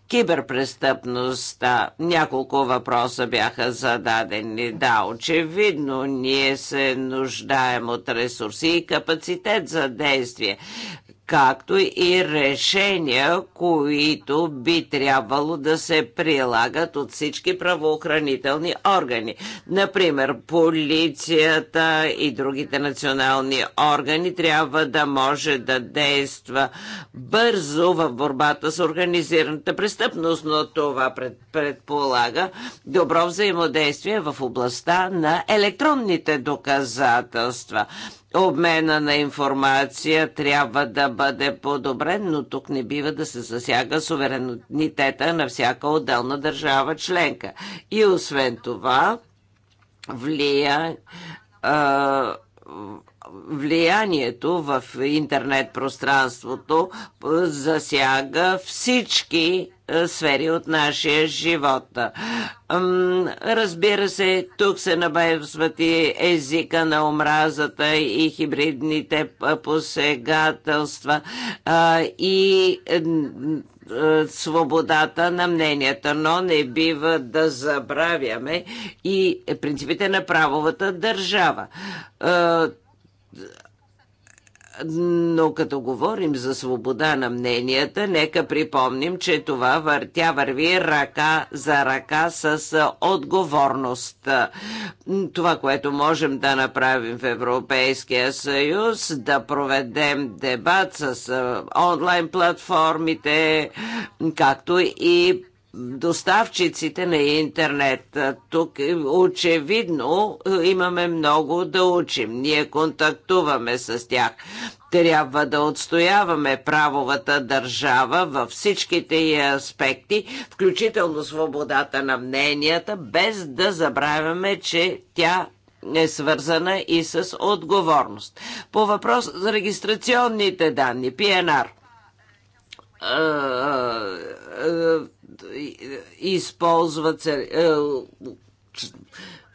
Киберпрестъпността. Няколко въпроса бяха зададени. Да, очевидно, ние се нуждаем от ресурси и капацитет за действие както и решения, които би трябвало да се прилагат от всички правоохранителни органи. Например, полицията и другите национални органи трябва да може да действа бързо в борбата с организираната престъпност, но това предполага добро взаимодействие в областта на електронните доказателства обмена на информация трябва да бъде подобрен, но тук не бива да се засяга суверенитета на всяка отделна държава членка. И освен това, влия а, влиянието в интернет пространството засяга всички е, сфери от нашия живот. Разбира се, тук се набавят и езика на омразата и хибридните посегателства и свободата на мненията, но не бива да забравяме и принципите на правовата държава но като говорим за свобода на мненията, нека припомним, че това вър, тя върви ръка за ръка с отговорност. Това, което можем да направим в Европейския съюз, да проведем дебат с онлайн платформите, както и доставчиците на интернет. Тук е, очевидно е, имаме много да учим. Ние контактуваме с тях. Трябва да отстояваме правовата държава във всичките й аспекти, включително свободата на мненията, без да забравяме, че тя е свързана и с отговорност. По въпрос за регистрационните данни, ПНР използват се, е,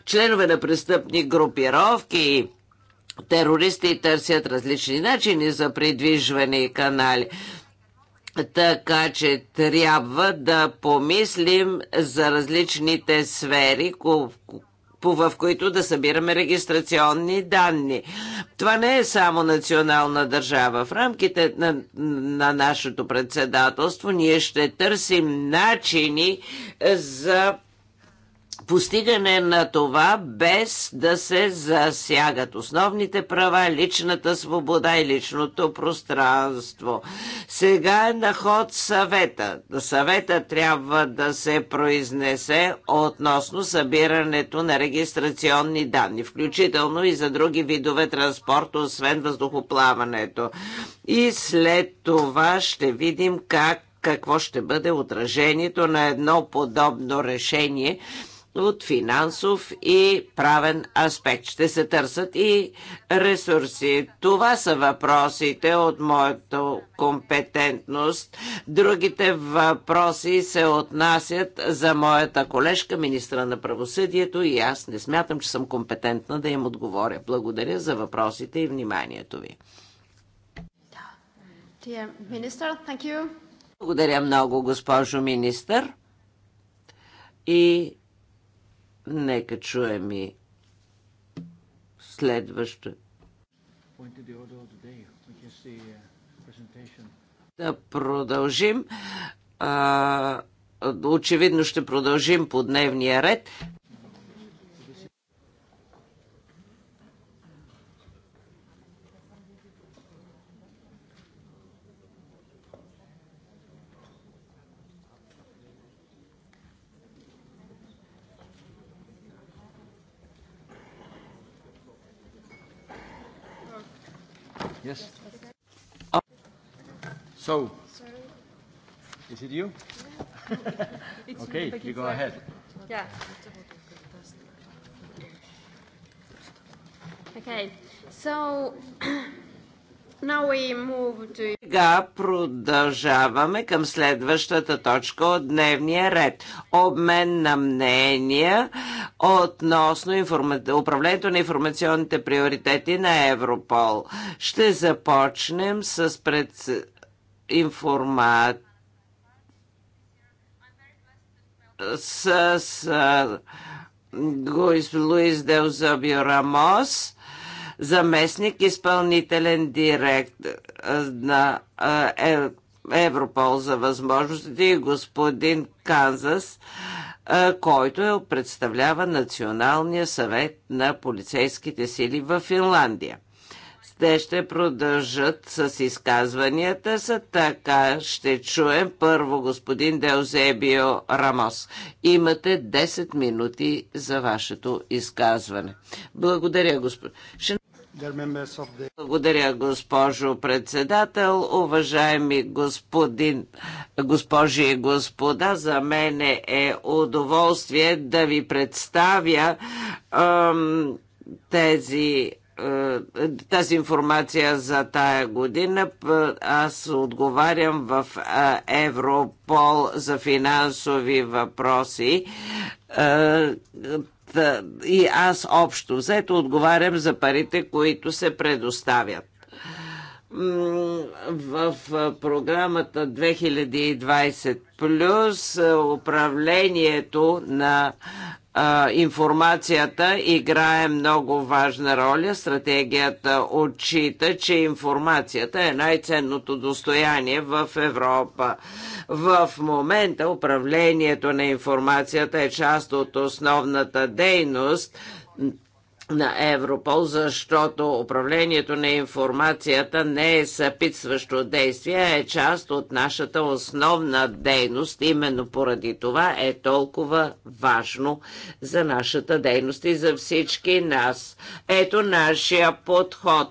членове на престъпни групировки. Терористи търсят различни начини за придвижване и канали. Така че трябва да помислим за различните сфери, в които да събираме регистрационни данни. Това не е само национална държава. В рамките на, на нашето председателство ние ще търсим начини е, за постигане на това без да се засягат основните права, личната свобода и личното пространство. Сега е на ход съвета. Съвета трябва да се произнесе относно събирането на регистрационни данни, включително и за други видове транспорт, освен въздухоплаването. И след това ще видим как какво ще бъде отражението на едно подобно решение – от финансов и правен аспект. Ще се търсят и ресурси. Това са въпросите от моята компетентност. Другите въпроси се отнасят за моята колежка, министра на правосъдието и аз не смятам, че съм компетентна да им отговоря. Благодаря за въпросите и вниманието ви. Благодаря много, госпожо министър. И Нека чуем и следващо. Uh, да продължим. А, очевидно ще продължим по дневния ред. Yes. Oh. So, Sorry. is it you? [LAUGHS] okay, me, you go ahead. Yeah. Okay. So, [CLEARS THROAT] now we move to... сега продължаваме към следващата точка от дневния ред. Обмен на мнения относно информа... управлението на информационните приоритети на Европол. Ще започнем с пред... информа... с, с Гуис Луис Делзобио Рамос, заместник изпълнителен директ на е, Европол за възможностите и господин Канзас, който е представлява Националния съвет на полицейските сили в Финландия. Те ще продължат с изказванията са така. Ще чуем първо господин Деозебио Рамос. Имате 10 минути за вашето изказване. Благодаря, господин. Благодаря, госпожо председател. Уважаеми господин, госпожи и господа, за мен е удоволствие да ви представя ем, тези е, тази информация за тая година. Аз отговарям в е, Европол за финансови въпроси. Е, е, и аз общо взето отговарям за парите, които се предоставят в програмата 2020 плюс е, управлението на а, информацията играе много важна роля. Стратегията отчита, че информацията е най-ценното достояние в Европа. В момента управлението на информацията е част от основната дейност на Европол, защото управлението на информацията не е съпитстващо действие, а е част от нашата основна дейност. Именно поради това е толкова важно за нашата дейност и за всички нас. Ето нашия подход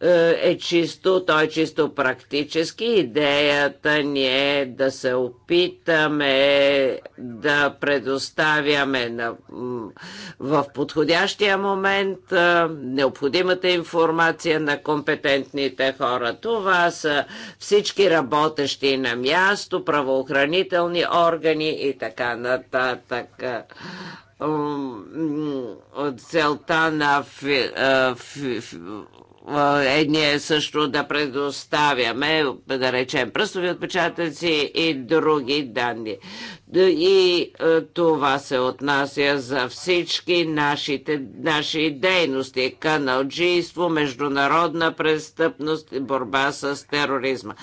е чисто, той е чисто практически. Идеята ни е да се опитаме да предоставяме на, в подходящия момент необходимата информация на компетентните хора. Това са всички работещи на място, правоохранителни органи и така нататък целта на фи, фи, фи, е ние също да предоставяме, да речем, пръстови отпечатъци и други данни. И това се отнася за всички нашите, наши дейности. Каналджийство, международна престъпност и борба с тероризма.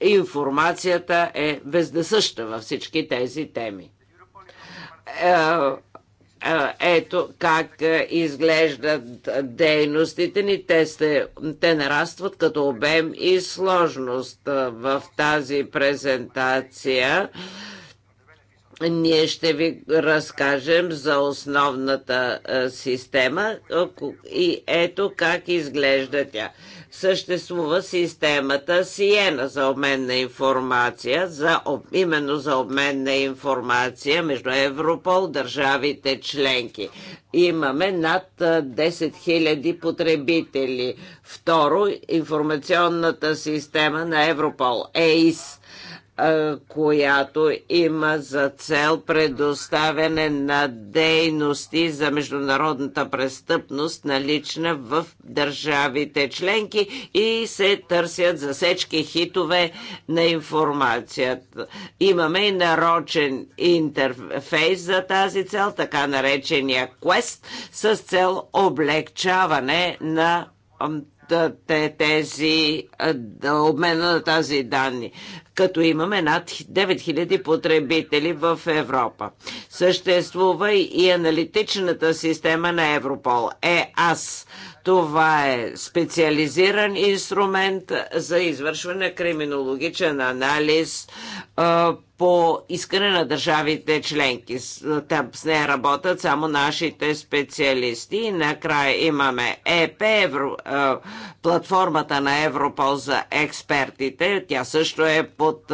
Информацията е вездесъща във всички тези теми е, ето как е, изглеждат дейностите ни. Те, се, те нарастват като обем и сложност в тази презентация. Ние ще ви разкажем за основната система и ето как изглежда тя съществува системата Сиена за обмен на информация, за, именно за обмен на информация между Европол, държавите членки. Имаме над 10 000 потребители. Второ, информационната система на Европол, ЕИС която има за цел предоставяне на дейности за международната престъпност налична в държавите членки и се търсят засечки хитове на информацията. Имаме и нарочен интерфейс за тази цел, така наречения Quest, с цел облегчаване на тези, обмена на тази данни, като имаме над 9000 потребители в Европа. Съществува и аналитичната система на Европол, ЕАС. Това е специализиран инструмент за извършване на криминологичен анализ по искане на държавите членки. Там с нея работят само нашите специалисти. И накрая имаме ЕП, Евро, платформата на Европол за експертите. Тя също е под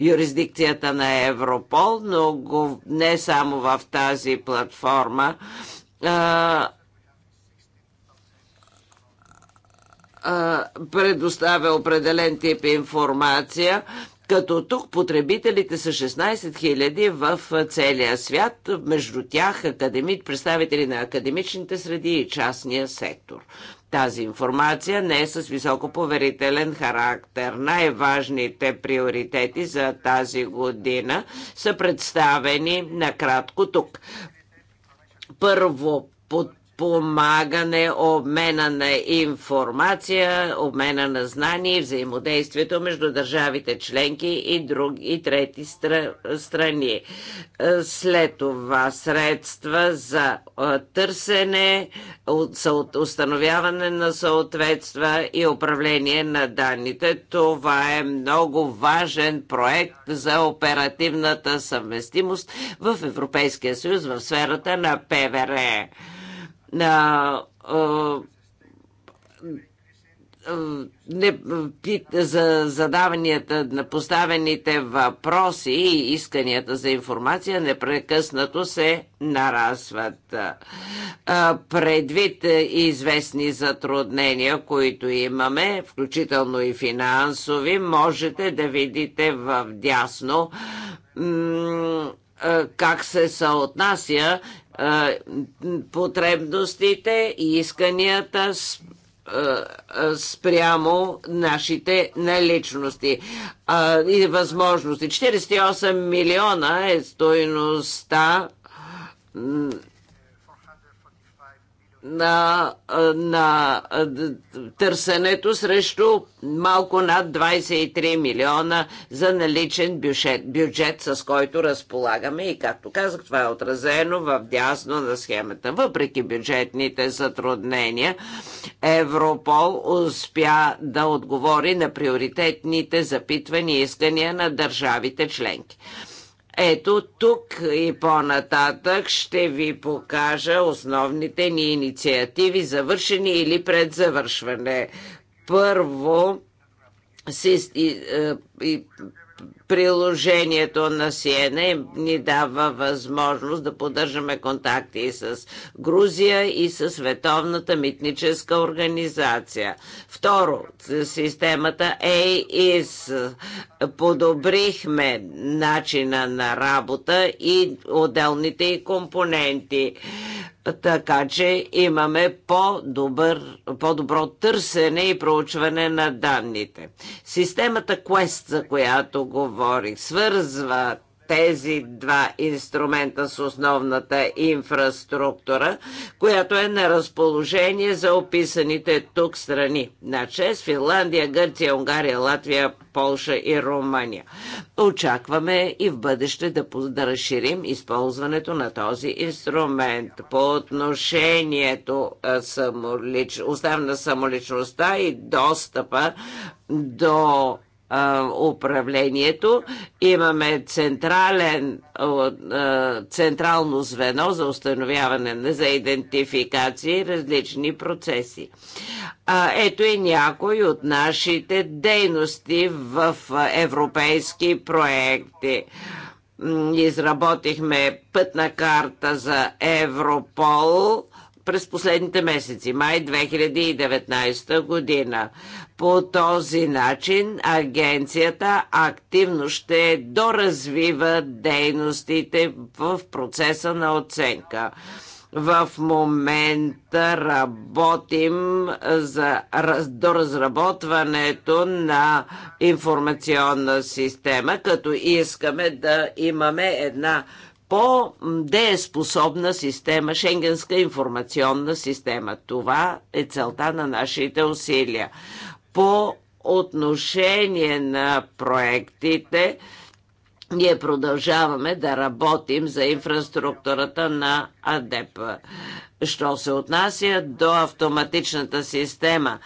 юрисдикцията на Европол, но не само в тази платформа предоставя определен тип информация, като тук потребителите са 16 000 в целия свят, между тях академи... представители на академичните среди и частния сектор. Тази информация не е с високо поверителен характер. Най-важните приоритети за тази година са представени накратко тук. Първо, под помагане, обмена на информация, обмена на знания и взаимодействието между държавите членки и, други, и трети стра, страни. Е, след това средства за е, търсене, установяване на съответства и управление на данните. Това е много важен проект за оперативната съвместимост в Европейския съюз в сферата на ПВР а, а, не, за задаванията на поставените въпроси и исканията за информация непрекъснато се нарасват. Предвид известни затруднения, които имаме, включително и финансови, можете да видите в дясно как се съотнася потребностите и исканията спрямо нашите наличности а, и възможности. 48 милиона е стоеността на, на търсенето срещу малко над 23 милиона за наличен бюджет, бюджет, с който разполагаме. И както казах, това е отразено в дясно на схемата. Въпреки бюджетните затруднения, Европол успя да отговори на приоритетните запитвания и искания на държавите членки. Ето тук и по-нататък ще ви покажа основните ни инициативи, завършени или пред завършване. Първо, е, Приложението на Сиене ни дава възможност да поддържаме контакти и с Грузия и с Световната митническа организация. Второ, системата ЕИС. Подобрихме начина на работа и отделните компоненти така че имаме по-добър, по-добро търсене и проучване на данните. Системата Quest, за която говорих, свързва тези два инструмента с основната инфраструктура, която е на разположение за описаните тук страни. На 6 Финландия, Гърция, Унгария, Латвия, Полша и Румъния. Очакваме и в бъдеще да, да разширим използването на този инструмент. По отношението самолич... оставна самоличността и достъпа до управлението. Имаме централен, централно звено за установяване, за идентификация и различни процеси. Ето и някои от нашите дейности в европейски проекти изработихме пътна карта за Европол през последните месеци, май 2019 година. По този начин агенцията активно ще доразвива дейностите в процеса на оценка. В момента работим за раз, до разработването на информационна система, като искаме да имаме една по-дееспособна система, шенгенска информационна система. Това е целта на нашите усилия. По отношение на проектите, ние продължаваме да работим за инфраструктурата на АДЕП. Що се отнася до автоматичната система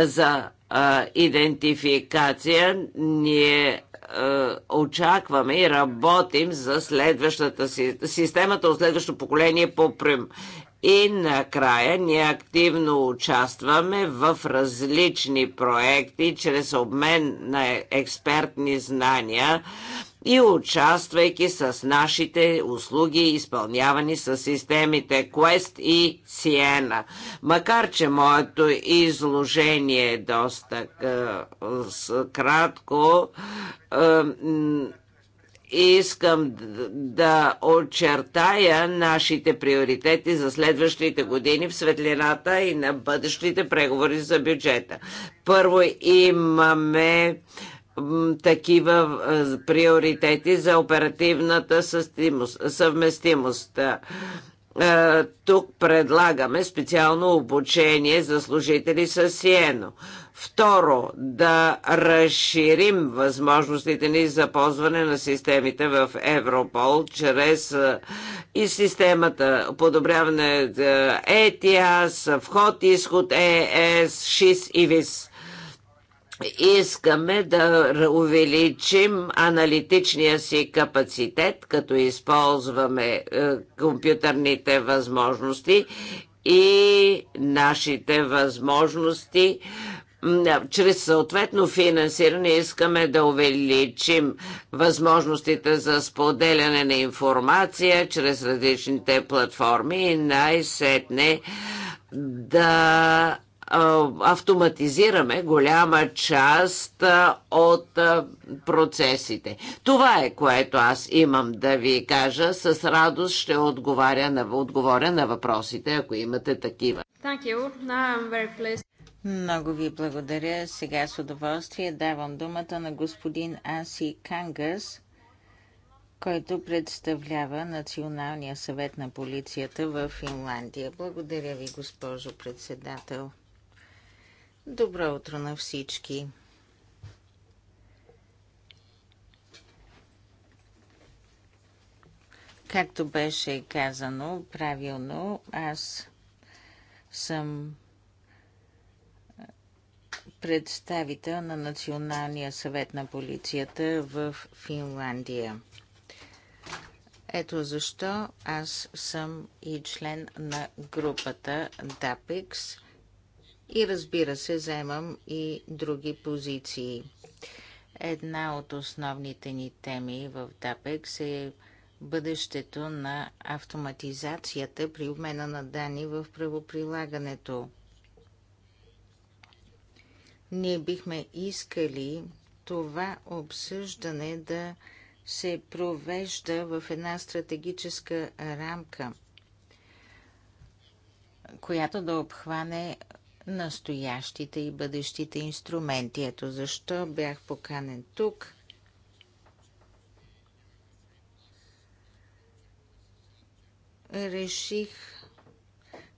за а, идентификация, ние е, очакваме и работим за следващата си, системата от следващото поколение по прем. И накрая ние активно участваме в различни проекти чрез обмен на експертни знания и участвайки с нашите услуги, изпълнявани с системите Quest и Siena. Макар, че моето изложение е доста е, кратко, е, искам да очертая нашите приоритети за следващите години в светлината и на бъдещите преговори за бюджета. Първо имаме такива приоритети за оперативната съвместимост. Тук предлагаме специално обучение за служители с Сиено. Второ, да разширим възможностите ни за ползване на системите в Европол чрез и системата подобряване ETIAS, е, вход-изход е, е, ЕС, ШИС и ВИС Искаме да увеличим аналитичния си капацитет, като използваме е, компютърните възможности и нашите възможности чрез съответно финансиране искаме да увеличим възможностите за споделяне на информация чрез различните платформи и най-сетне да автоматизираме голяма част от процесите. Това е което аз имам да ви кажа. С радост ще отговаря на, отговоря на въпросите, ако имате такива. Много ви благодаря. Сега с удоволствие давам думата на господин Аси Кангас, който представлява Националния съвет на полицията в Финландия. Благодаря ви, госпожо председател. Добро утро на всички. Както беше казано правилно, аз съм представител на Националния съвет на полицията в Финландия. Ето защо аз съм и член на групата DAPEX – и разбира се, заемам и други позиции. Една от основните ни теми в ДАПЕКС е бъдещето на автоматизацията при обмена на данни в правоприлагането. Ние бихме искали това обсъждане да се провежда в една стратегическа рамка, която да обхване настоящите и бъдещите инструменти. Ето защо бях поканен тук. Реших,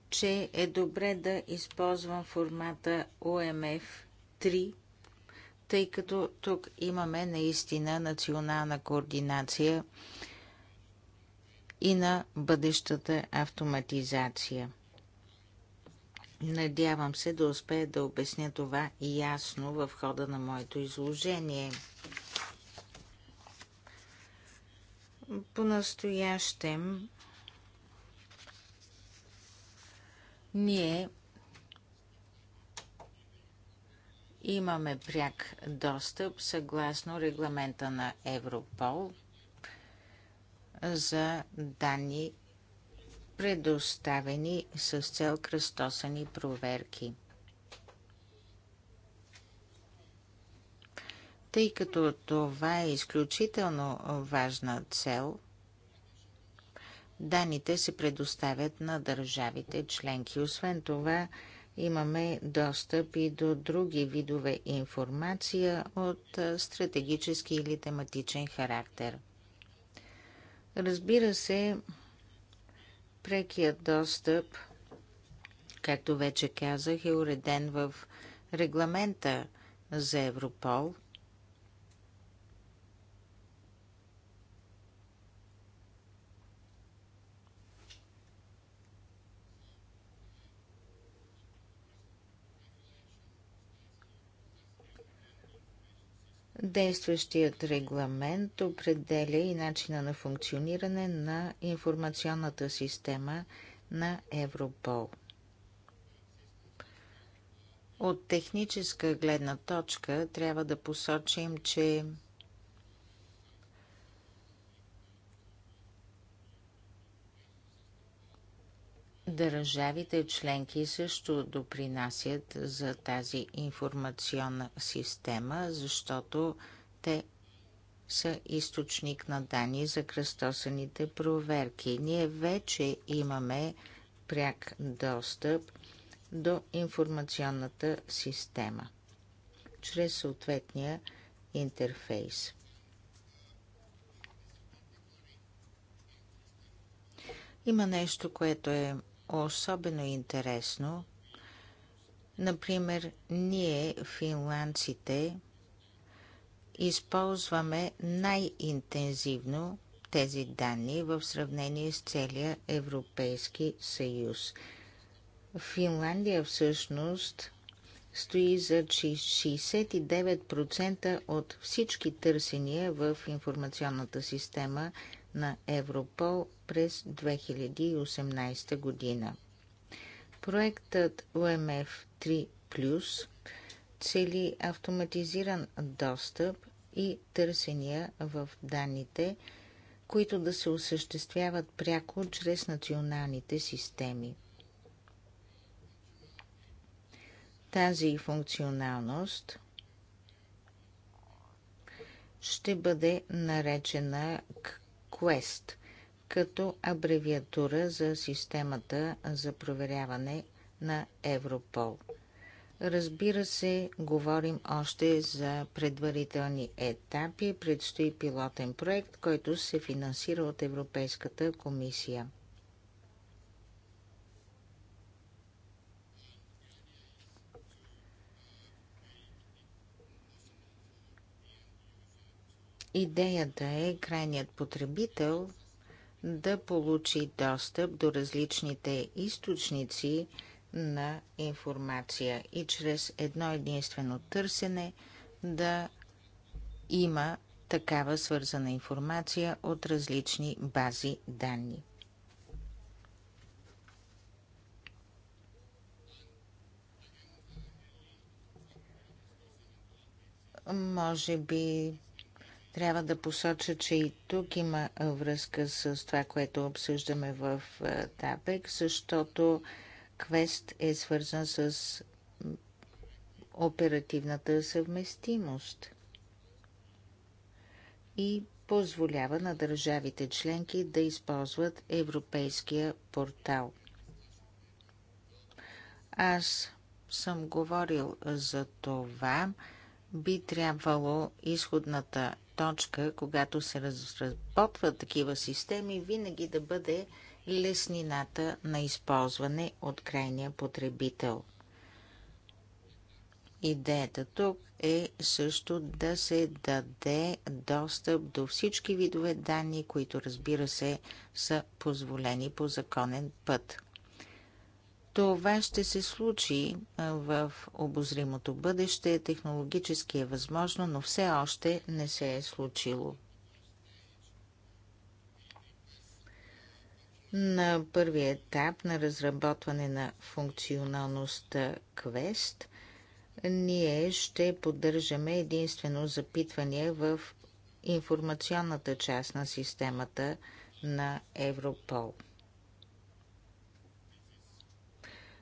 че е добре да използвам формата OMF 3 тъй като тук имаме наистина национална координация и на бъдещата автоматизация. Надявам се да успея да обясня това ясно в хода на моето изложение. По-настоящем ние имаме пряк достъп съгласно регламента на Европол за данни предоставени с цел кръстосани проверки. Тъй като това е изключително важна цел, данните се предоставят на държавите членки. Освен това, имаме достъп и до други видове информация от стратегически или тематичен характер. Разбира се, Прекият достъп, както вече казах, е уреден в регламента за Европол – Действащият регламент определя и начина на функциониране на информационната система на Европол. От техническа гледна точка трябва да посочим, че Държавите членки също допринасят за тази информационна система, защото те са източник на данни за кръстосаните проверки. Ние вече имаме пряк достъп до информационната система чрез съответния интерфейс. Има нещо, което е особено интересно. Например, ние, финландците, използваме най-интензивно тези данни в сравнение с целия Европейски съюз. Финландия всъщност стои за 69% от всички търсения в информационната система на Европол през 2018 година. Проектът UMF 3 Plus цели автоматизиран достъп и търсения в данните, които да се осъществяват пряко чрез националните системи. Тази функционалност ще бъде наречена QUEST като абревиатура за системата за проверяване на Европол. Разбира се, говорим още за предварителни етапи. Предстои пилотен проект, който се финансира от Европейската комисия. Идеята е крайният потребител да получи достъп до различните източници на информация и чрез едно единствено търсене да има такава свързана информация от различни бази данни. Може би трябва да посоча, че и тук има връзка с това, което обсъждаме в ТАПЕК, защото квест е свързан с оперативната съвместимост и позволява на държавите членки да използват европейския портал. Аз съм говорил за това, би трябвало изходната точка, когато се разработват такива системи, винаги да бъде леснината на използване от крайния потребител. Идеята тук е също да се даде достъп до всички видове данни, които разбира се са позволени по законен път. Това ще се случи в обозримото бъдеще, технологически е възможно, но все още не се е случило. На първи етап на разработване на функционалността Quest ние ще поддържаме единствено запитвания в информационната част на системата на Европол.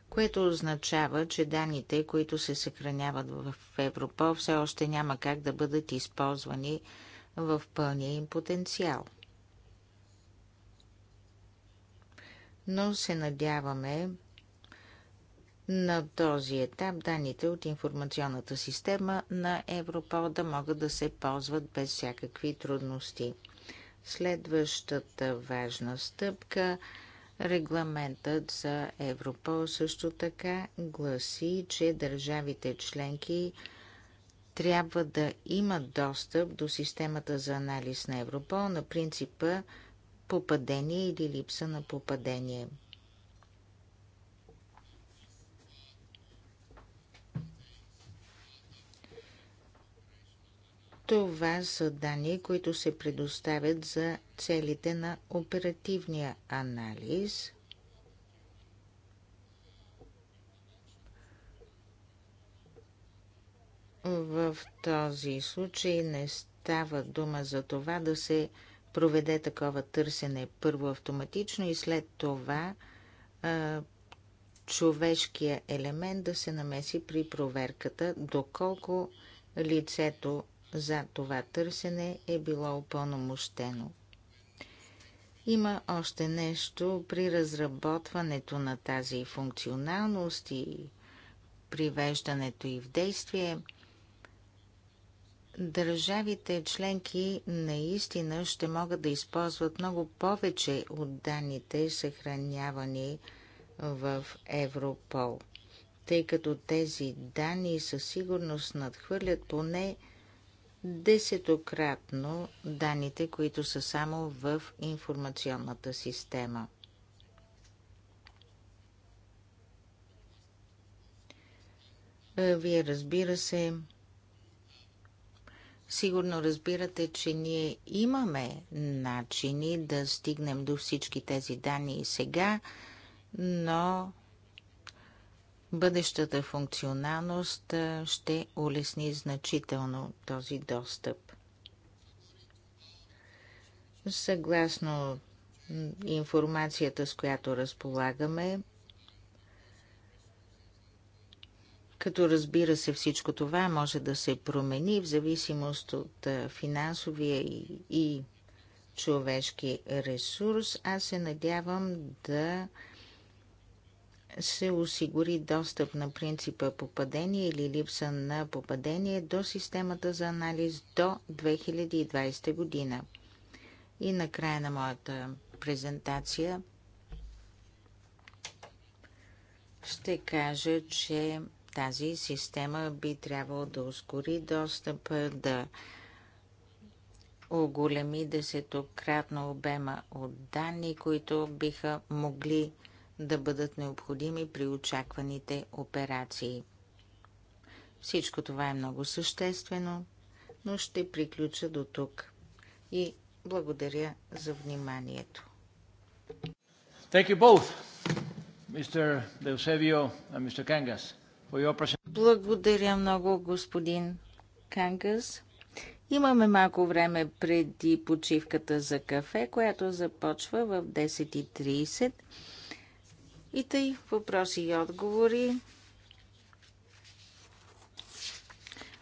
което означава, че данните, които се съхраняват в Европол, все още няма как да бъдат използвани в пълния им потенциал. Но се надяваме на този етап данните от информационната система на Европол да могат да се ползват без всякакви трудности. Следващата важна стъпка е Регламентът за Европол също така гласи, че държавите членки трябва да имат достъп до системата за анализ на Европол на принципа попадение или липса на попадение. Това са данни, които се предоставят за целите на оперативния анализ. В този случай не става дума за това да се проведе такова търсене първо автоматично и след това човешкия елемент да се намеси при проверката доколко лицето за това търсене е било упълномощено. Има още нещо при разработването на тази функционалност и привеждането и в действие. Държавите членки наистина ще могат да използват много повече от данните, съхранявани в Европол, тъй като тези данни със сигурност надхвърлят поне десетократно данните, които са само в информационната система. Вие разбира се, сигурно разбирате, че ние имаме начини да стигнем до всички тези данни и сега, но Бъдещата функционалност ще улесни значително този достъп. Съгласно информацията, с която разполагаме, като разбира се всичко това може да се промени в зависимост от финансовия и, и човешки ресурс, аз се надявам да се осигури достъп на принципа попадение или липса на попадение до системата за анализ до 2020 година. И на края на моята презентация ще кажа, че тази система би трябвало да ускори достъпа, да оголеми десетократно обема от данни, които биха могли да бъдат необходими при очакваните операции. Всичко това е много съществено, но ще приключа до тук. И благодаря за вниманието. Thank you both, Mr. and Mr. Kangas, for your Благодаря много, господин Кангас. Имаме малко време преди почивката за кафе, която започва в 10.30. И тъй въпроси и отговори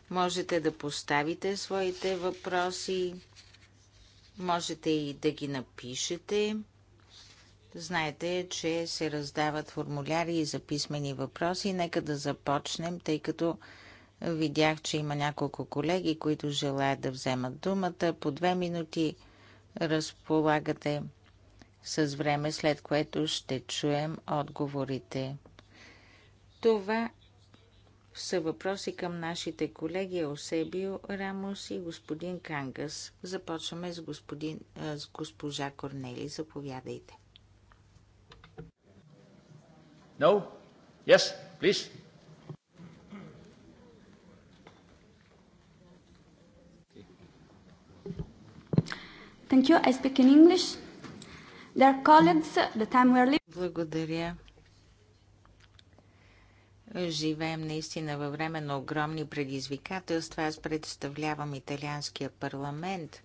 можете да поставите своите въпроси, можете и да ги напишете. Знаете, че се раздават формуляри за писмени въпроси. Нека да започнем, тъй като видях, че има няколко колеги, които желаят да вземат думата. По две минути разполагате с време, след което ще чуем отговорите. Това са въпроси към нашите колеги Осебио Рамос и господин Кангас. Започваме с, господин, с госпожа Корнели. Заповядайте. No? Yes, please. Thank you. I speak in English. Благодаря. Живеем наистина във време на огромни предизвикателства. Аз представлявам италианския парламент.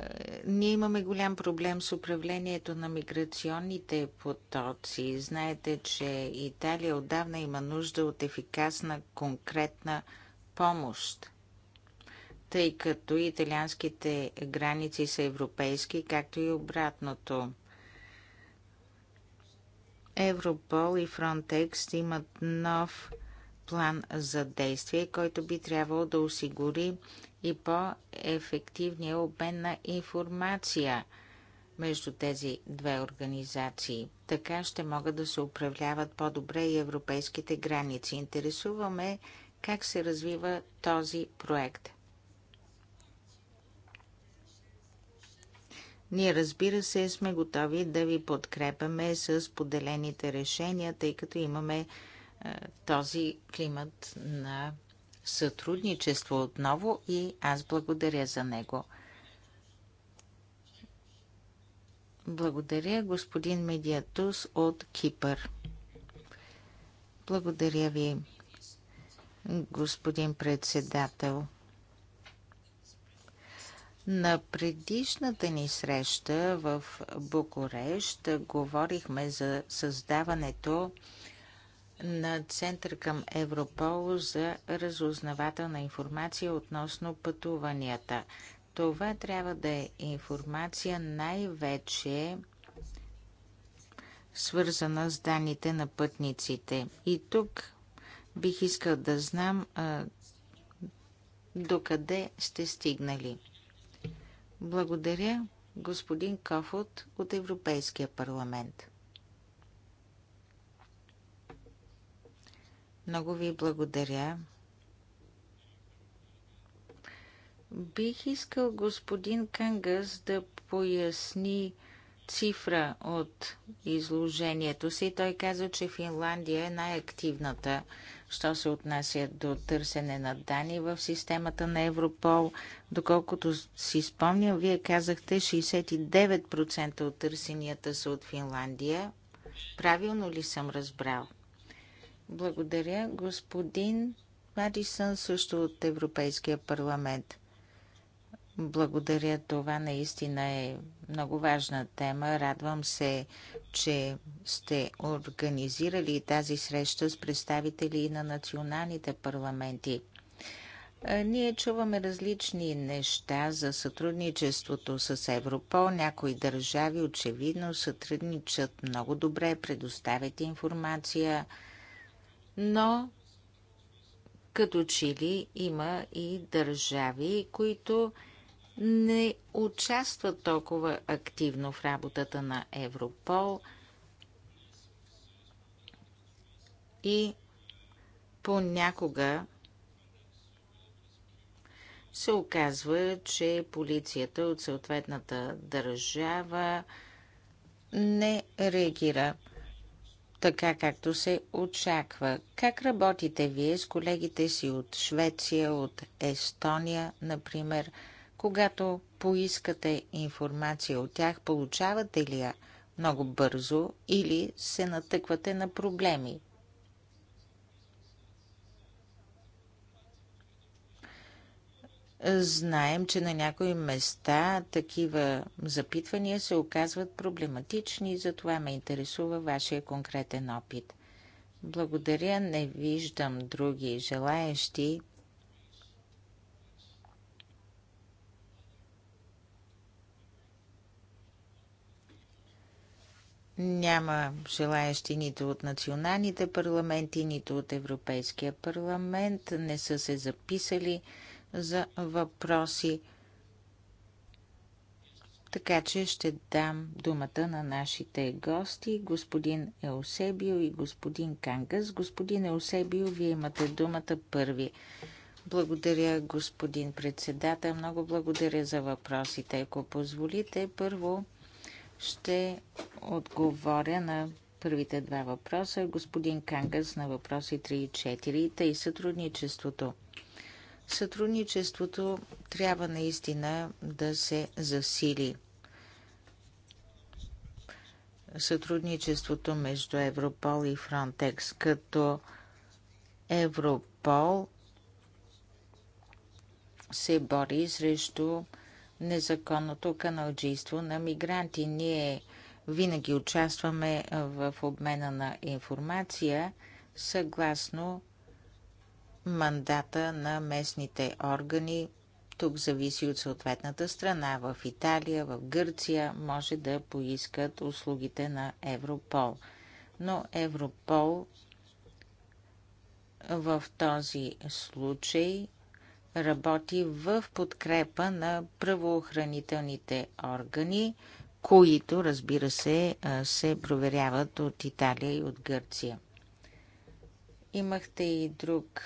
Е, ние имаме голям проблем с управлението на миграционните потоци. Знаете, че Италия отдавна има нужда от ефикасна, конкретна помощ тъй като италианските граници са европейски, както и обратното. Европол и Фронтекс имат нов план за действие, който би трябвало да осигури и по-ефективния обмен на информация между тези две организации. Така ще могат да се управляват по-добре и европейските граници. Интересуваме как се развива този проект. Ние разбира се сме готови да ви подкрепяме с поделените решения, тъй като имаме е, този климат на сътрудничество отново и аз благодаря за него. Благодаря, господин Медиатус от Кипър. Благодаря ви, господин председател. На предишната ни среща в Букурещ говорихме за създаването на Център към Европол за разузнавателна информация относно пътуванията. Това трябва да е информация най-вече свързана с данните на пътниците. И тук бих искал да знам а, докъде сте стигнали. Благодаря, господин Кафот от Европейския парламент. Много ви благодаря. Бих искал господин Кангас да поясни цифра от изложението си. Той каза, че Финландия е най-активната що се отнася до търсене на данни в системата на Европол. Доколкото си спомням, вие казахте 69% от търсенията са от Финландия. Правилно ли съм разбрал? Благодаря, господин Мадисън, също от Европейския парламент. Благодаря, това наистина е много важна тема. Радвам се, че сте организирали тази среща с представители на националните парламенти. Ние чуваме различни неща за сътрудничеството с Европол. Някои държави очевидно сътрудничат много добре, предоставят информация, но като че ли има и държави, които не участва толкова активно в работата на Европол и понякога се оказва, че полицията от съответната държава не реагира така, както се очаква. Как работите вие с колегите си от Швеция, от Естония, например? Когато поискате информация от тях, получавате ли я много бързо или се натъквате на проблеми? Знаем, че на някои места такива запитвания се оказват проблематични и затова ме интересува вашия конкретен опит. Благодаря, не виждам други желаещи Няма желаящи нито от националните парламенти, нито от Европейския парламент. Не са се записали за въпроси. Така че ще дам думата на нашите гости, господин Еусебио и господин Кангас. Господин Еусебио, вие имате думата първи. Благодаря, господин председател. Много благодаря за въпросите. Ако позволите, първо ще отговоря на първите два въпроса. Господин Кангас на въпроси 3 и 4, тъй сътрудничеството. Сътрудничеството трябва наистина да се засили. Сътрудничеството между Европол и Фронтекс, като Европол се бори срещу незаконното каналджийство на мигранти. Ние винаги участваме в обмена на информация съгласно мандата на местните органи. Тук зависи от съответната страна. В Италия, в Гърция може да поискат услугите на Европол. Но Европол в този случай работи в подкрепа на правоохранителните органи, които, разбира се, се проверяват от Италия и от Гърция. Имахте и друг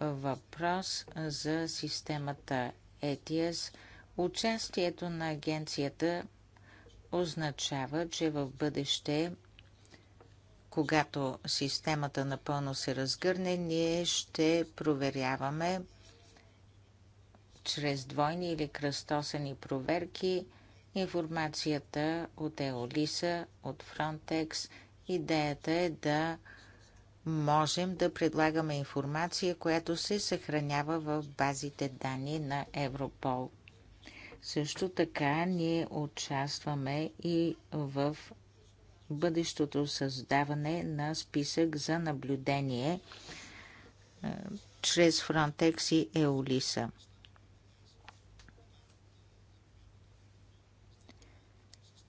въпрос за системата ETIAS. Участието на агенцията означава, че в бъдеще когато системата напълно се разгърне, ние ще проверяваме чрез двойни или кръстосани проверки информацията от Еолиса, от Frontex. Идеята е да можем да предлагаме информация, която се съхранява в базите данни на Европол. Също така ние участваме и в бъдещото създаване на списък за наблюдение е, чрез Frontex и Eulisa.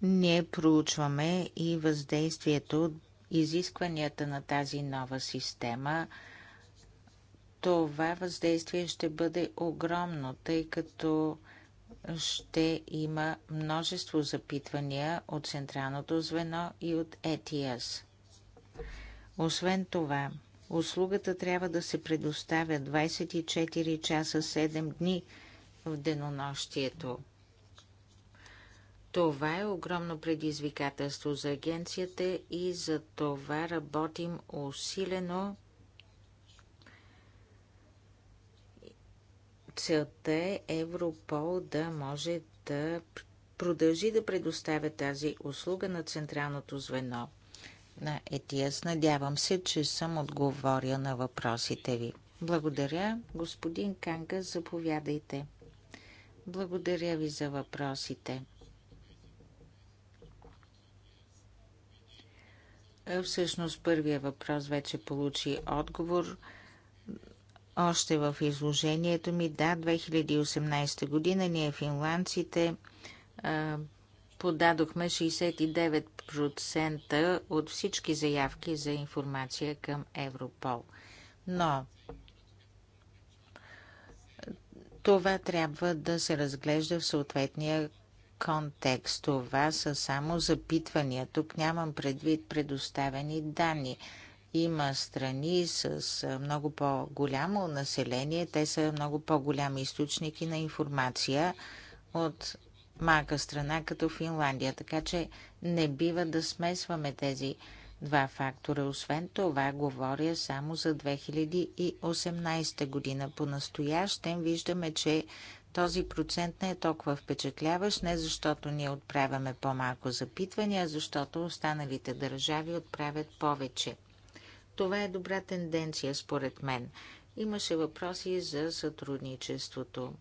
Ние проучваме и въздействието, изискванията на тази нова система. Това въздействие ще бъде огромно, тъй като ще има множество запитвания от централното звено и от ETS. Е Освен това, услугата трябва да се предоставя 24 часа 7 дни в денонощието. Това е огромно предизвикателство за агенцията и за това работим усилено Целта е Европол да може да продължи да предоставя тази услуга на централното звено на ЕТИАС. Надявам се, че съм отговоря на въпросите ви. Благодаря. Господин Канга, заповядайте. Благодаря ви за въпросите. Всъщност първия въпрос вече получи отговор – още в изложението ми. Да, 2018 година ние финландците подадохме 69% от всички заявки за информация към Европол. Но това трябва да се разглежда в съответния контекст. Това са само запитвания. Тук нямам предвид предоставени данни. Има страни с много по-голямо население. Те са много по-голям източник и на информация от малка страна като Финландия. Така че не бива да смесваме тези два фактора. Освен това, говоря само за 2018 година. По-настоящем виждаме, че този процент не е толкова впечатляващ, не защото ние отправяме по-малко запитвания, а защото останалите държави отправят повече. Това е добра тенденция, според мен. Имаше въпроси за сътрудничеството.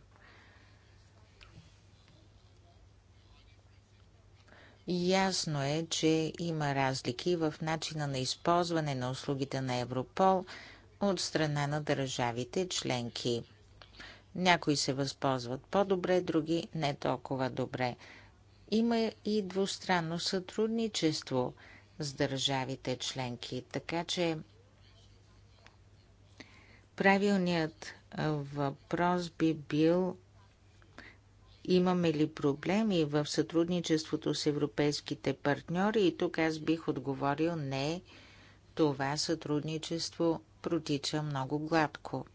Ясно е, че има разлики в начина на използване на услугите на Европол от страна на държавите членки. Някои се възползват по-добре, други не толкова добре. Има и двустранно сътрудничество – с държавите членки. Така че правилният въпрос би бил имаме ли проблеми в сътрудничеството с европейските партньори и тук аз бих отговорил не, това сътрудничество протича много гладко.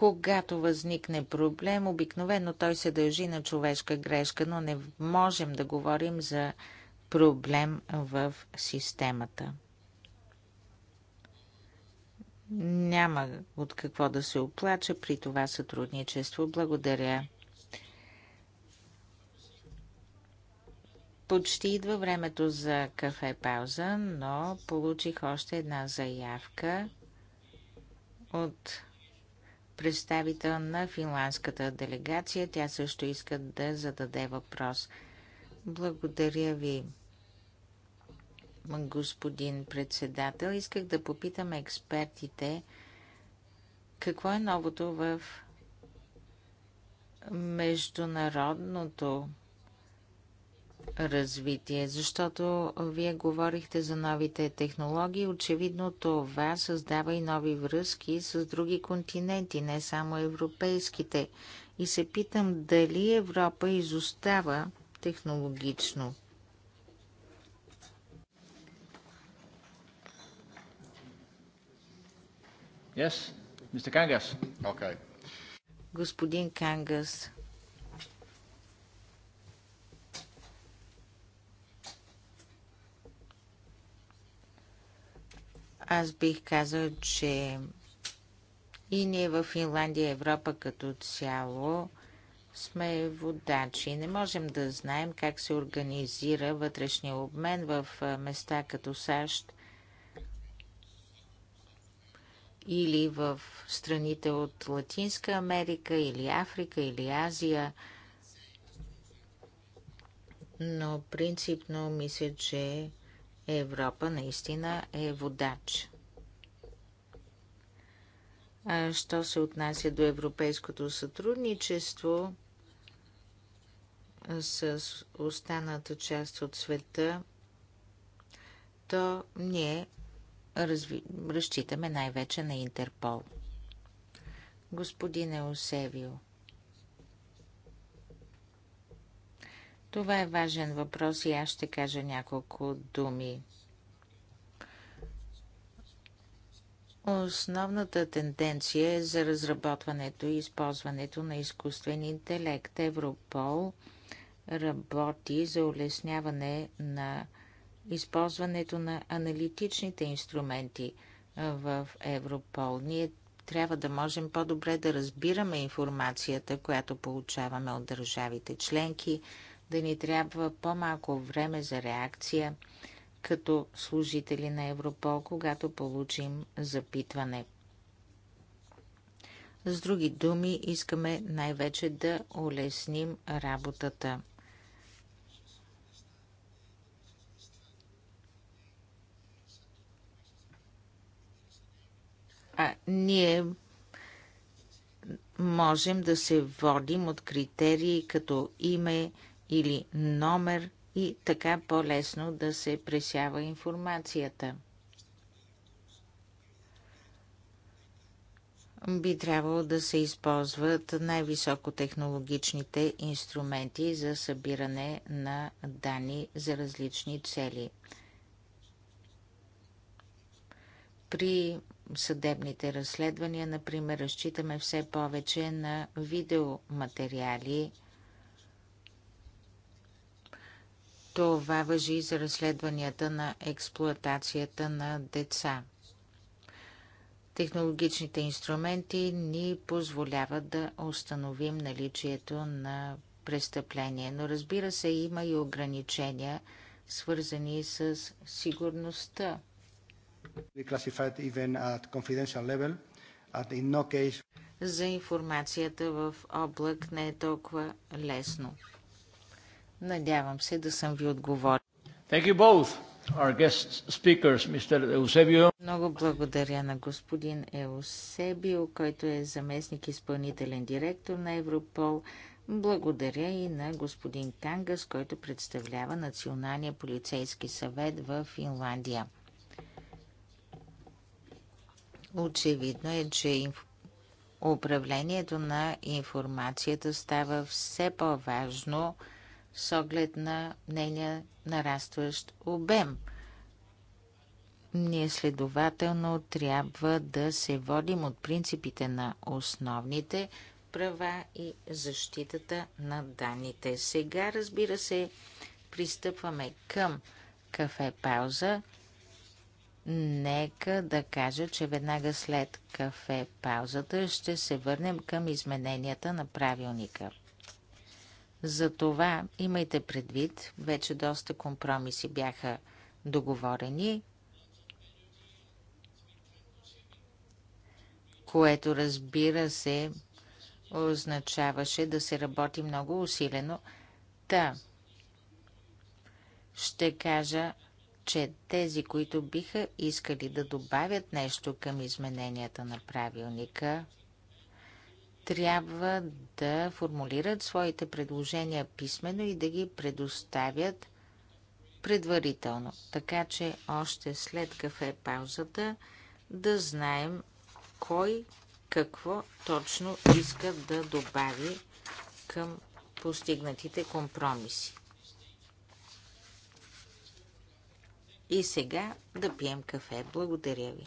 Когато възникне проблем, обикновено той се дължи на човешка грешка, но не можем да говорим за проблем в системата. Няма от какво да се оплача при това сътрудничество. Благодаря. Почти идва времето за кафе пауза, но получих още една заявка от представител на финландската делегация. Тя също иска да зададе въпрос. Благодаря ви, господин председател. Исках да попитам експертите какво е новото в международното развитие, защото вие говорихте за новите технологии. Очевидно това създава и нови връзки с други континенти, не само европейските. И се питам дали Европа изостава технологично. Yes, Mr. Kangas. Okay. Господин Кангас. Аз бих казал, че и ние в Финландия, Европа като цяло сме водачи. Не можем да знаем как се организира вътрешния обмен в места като САЩ или в страните от Латинска Америка или Африка или Азия. Но принципно мисля, че Европа наистина е водач. А що се отнася до европейското сътрудничество с останата част от света, то ние разви... разчитаме най-вече на Интерпол. Господин Еусевио. Това е важен въпрос и аз ще кажа няколко думи. Основната тенденция е за разработването и използването на изкуствен интелект. Европол работи за улесняване на използването на аналитичните инструменти в Европол. Ние трябва да можем по-добре да разбираме информацията, която получаваме от държавите членки, да ни трябва по-малко време за реакция като служители на Европол, когато получим запитване. С други думи, искаме най-вече да улесним работата. А ние можем да се водим от критерии като име, или номер и така по-лесно да се пресява информацията. Би трябвало да се използват най-високотехнологичните инструменти за събиране на данни за различни цели. При съдебните разследвания, например, разчитаме все повече на видеоматериали – Това въжи и за разследванията на експлоатацията на деца. Технологичните инструменти ни позволяват да установим наличието на престъпление, но разбира се има и ограничения, свързани с сигурността. За информацията в облак не е толкова лесно. Надявам се да съм ви отговорил. Speakers, Много благодаря на господин Еусебио, който е заместник изпълнителен директор на Европол. Благодаря и на господин Кангас, който представлява Националния полицейски съвет в Финландия. Очевидно е, че управлението на информацията става все по-важно – с оглед на нейния нарастващ обем. Ние следователно трябва да се водим от принципите на основните права и защитата на данните. Сега, разбира се, пристъпваме към кафе пауза. Нека да кажа, че веднага след кафе паузата ще се върнем към измененията на правилника. Затова имайте предвид, вече доста компромиси бяха договорени, което разбира се означаваше да се работи много усилено. Та, ще кажа, че тези, които биха искали да добавят нещо към измененията на правилника, трябва да формулират своите предложения писменно и да ги предоставят предварително. Така че още след кафе паузата да знаем кой какво точно иска да добави към постигнатите компромиси. И сега да пием кафе. Благодаря ви.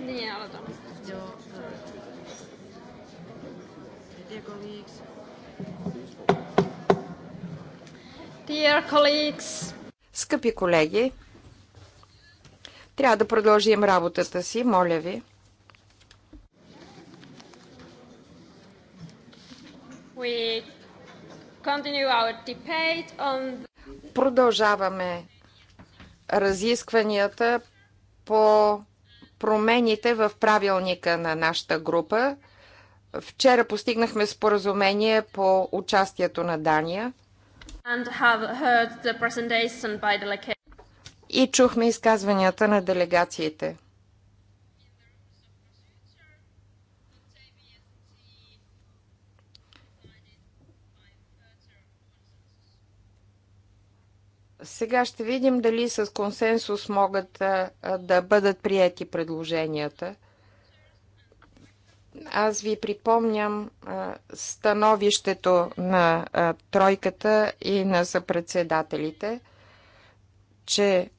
Ние, ала да. Dear colleagues. Dear colleagues. Скъпи колеги, трябва да продължим работата си, моля ви. We continue our debate on the... Продължаваме разискванията по промените в правилника на нашата група. Вчера постигнахме споразумение по участието на Дания. И чухме изказванията на делегациите. Сега ще видим дали с консенсус могат да бъдат прияти предложенията. Аз ви припомням становището на тройката и на съпредседателите, че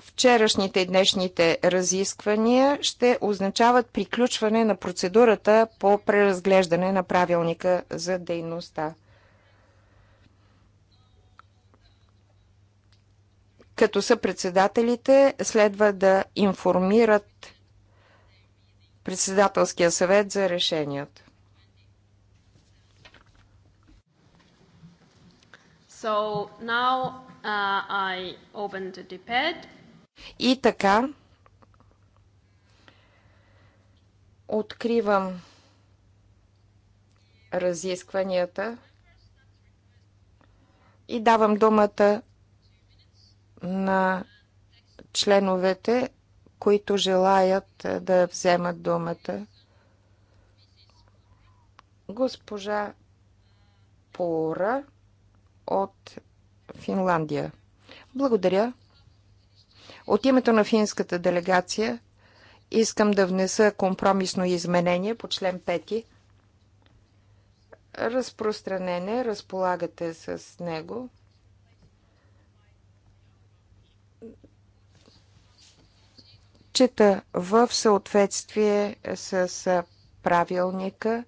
вчерашните и днешните разисквания ще означават приключване на процедурата по преразглеждане на правилника за дейността. като са председателите, следва да информират председателския съвет за решението. So now, uh, I open the depad. И така откривам разискванията и давам думата на членовете, които желаят е, да вземат думата. Госпожа Пора от Финландия. Благодаря. От името на финската делегация искам да внеса компромисно изменение по член 5. Разпространение, разполагате с него. отчита в съответствие с правилника.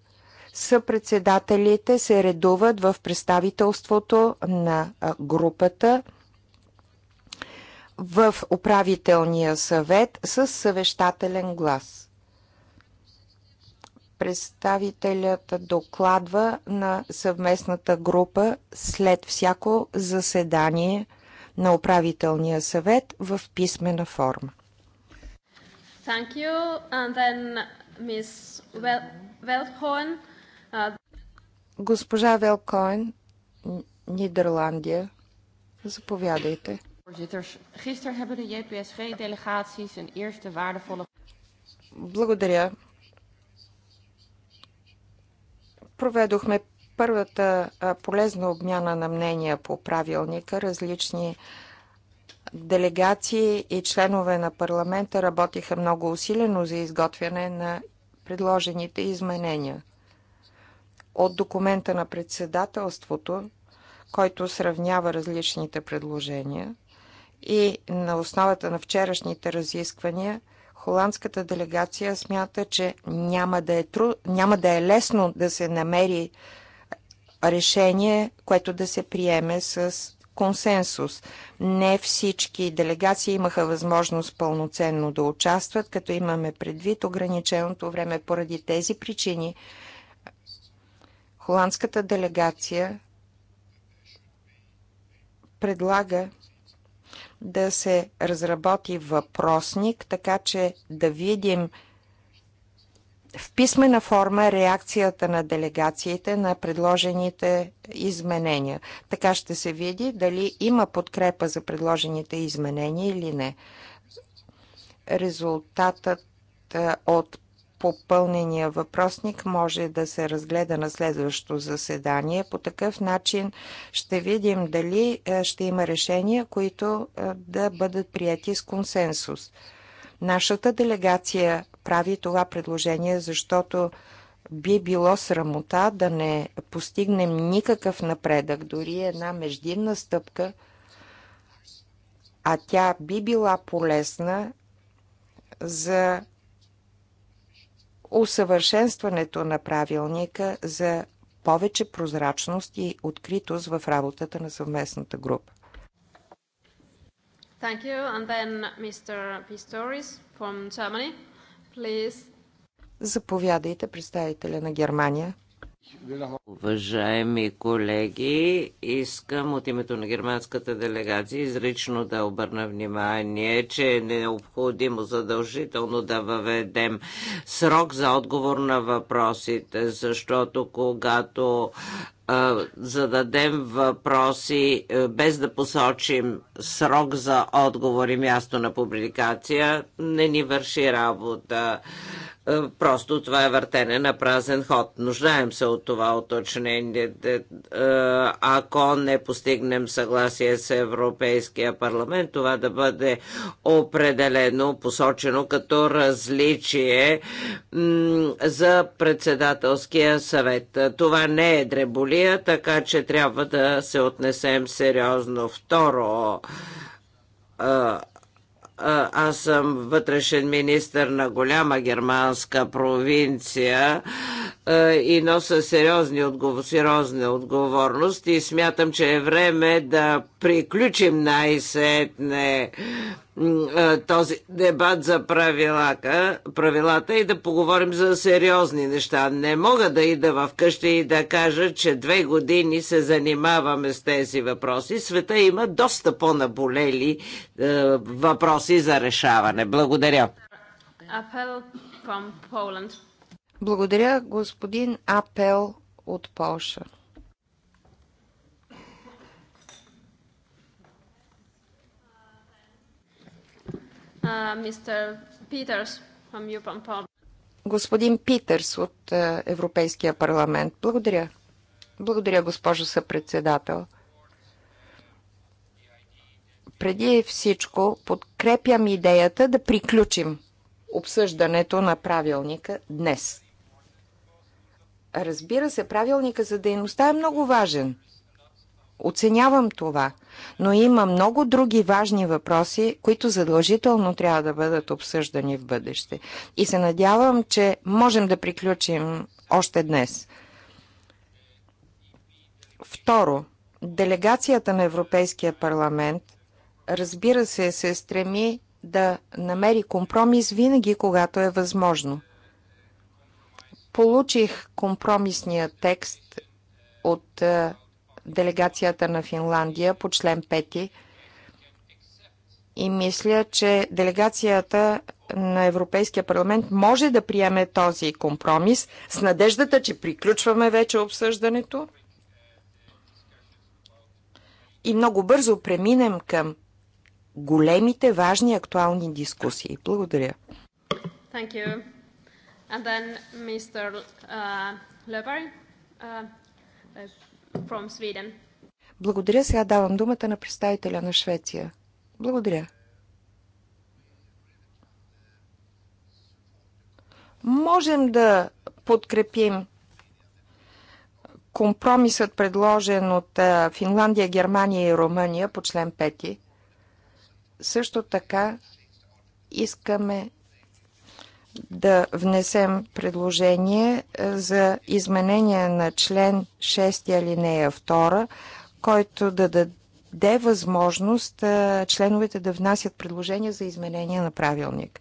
Съпредседателите се редуват в представителството на групата в управителния съвет с съвещателен глас. Представителят докладва на съвместната група след всяко заседание на управителния съвет в писмена форма. Thank you. And then Miss Wel Uh... Госпожа Велкоен, Нидерландия. Заповядайте. gisteren hebben de JPSG-delegaties een eerste waardevolle. Благодаря. Проведохме първата полезна обмяна на мнения по правилника. Различни Делегации и членове на парламента работиха много усилено за изготвяне на предложените изменения. От документа на председателството, който сравнява различните предложения, и на основата на вчерашните разисквания, холандската делегация смята, че няма да е, тру... няма да е лесно да се намери решение, което да се приеме с консенсус. Не всички делегации имаха възможност пълноценно да участват, като имаме предвид ограниченото време поради тези причини. Холандската делегация предлага да се разработи въпросник, така че да видим в писмена форма реакцията на делегациите на предложените изменения. Така ще се види дали има подкрепа за предложените изменения или не. Резултатът от попълнения въпросник може да се разгледа на следващото заседание. По такъв начин ще видим дали ще има решения, които да бъдат прияти с консенсус. Нашата делегация прави това предложение, защото би било срамота да не постигнем никакъв напредък, дори една междинна стъпка, а тя би била полезна за усъвършенстването на правилника за повече прозрачност и откритост в работата на съвместната група. Thank you. And then Mr. Pistoris from Germany. Заповядайте, представителя на Германия. Уважаеми колеги, искам от името на германската делегация изрично да обърна внимание, че е необходимо задължително да въведем срок за отговор на въпросите, защото когато зададем въпроси е, без да посочим срок за отговор и място на публикация, не ни върши работа. Е, просто това е въртене на празен ход. Нуждаем се от това уточнение. Е, ако не постигнем съгласие с Европейския парламент, това да бъде определено, посочено като различие за председателския съвет. Това не е дреболи история, така че трябва да се отнесем сериозно. Второ, аз съм вътрешен министр на голяма германска провинция и носа сериозни, сериозни отговорности и смятам, че е време да приключим най-сетне този дебат за правилата, правилата и да поговорим за сериозни неща. Не мога да ида в къща и да кажа, че две години се занимаваме с тези въпроси. Света има доста по-наболели е, въпроси за решаване. Благодаря. Благодаря, господин Апел от Полша. Господин Питърс от Европейския парламент. Благодаря. Благодаря, госпожо съпредседател. Преди всичко подкрепям идеята да приключим обсъждането на правилника днес. Разбира се, правилника за дейността е много важен. Оценявам това – но има много други важни въпроси, които задължително трябва да бъдат обсъждани в бъдеще. И се надявам, че можем да приключим още днес. Второ, делегацията на Европейския парламент разбира се се стреми да намери компромис винаги, когато е възможно. Получих компромисния текст от е, делегацията на Финландия по член 5 и мисля, че делегацията на Европейския парламент може да приеме този компромис с надеждата, че приключваме вече обсъждането и много бързо преминем към големите, важни, актуални дискусии. Благодаря. Thank you. And then Mr. Uh, Lever, uh, from Sweden. Благодаря. Сега давам думата на представителя на Швеция. Благодаря. Можем да подкрепим компромисът, предложен от Финландия, Германия и Румъния по член 5. Също така искаме да внесем предложение е, за изменение на член 6 алинея 2, който да даде възможност е, членовете да внасят предложения за изменение на правилник.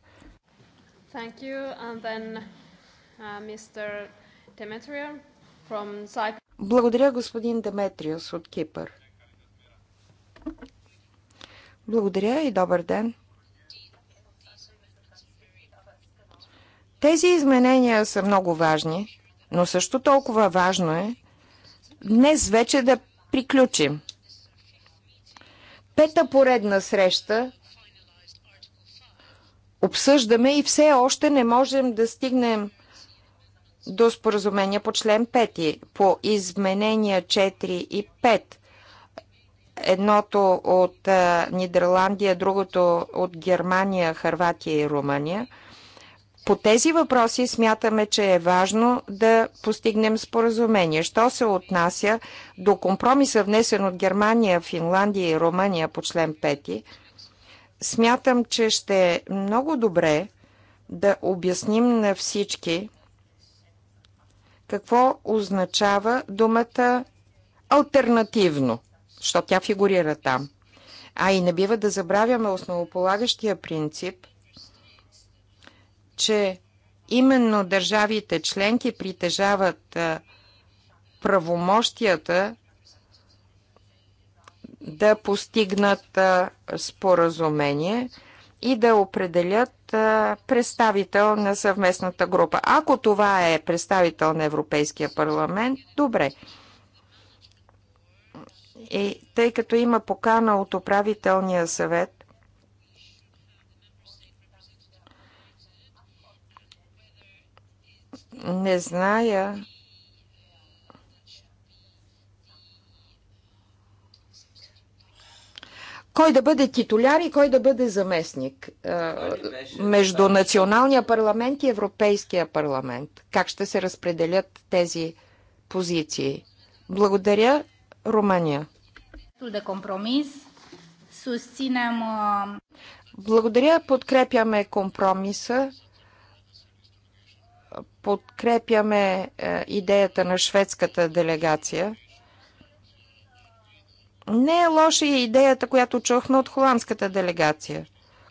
Thank you. And then, uh, Mr. from Cyprus. Благодаря, господин Деметриус от Кипър. Благодаря и добър ден. Тези изменения са много важни, но също толкова важно е днес вече да приключим. Пета поредна среща обсъждаме и все още не можем да стигнем до споразумения по член 5, по изменения 4 и 5. Едното от Нидерландия, другото от Германия, Харватия и Румъния – по тези въпроси смятаме, че е важно да постигнем споразумение. Що се отнася до компромиса, внесен от Германия, Финландия и Румъния по член 5, смятам, че ще е много добре да обясним на всички какво означава думата альтернативно, защото тя фигурира там. А и не бива да забравяме основополагащия принцип – че именно държавите членки притежават правомощията да постигнат споразумение и да определят представител на съвместната група. Ако това е представител на Европейския парламент, добре. И тъй като има покана от управителния съвет Не зная кой да бъде титуляр и кой да бъде заместник е, между националния парламент и Европейския парламент. Как ще се разпределят тези позиции? Благодаря, Румъния. Благодаря, подкрепяме компромиса подкрепяме е, идеята на шведската делегация. Не е лоша и идеята, която чухме от холандската делегация.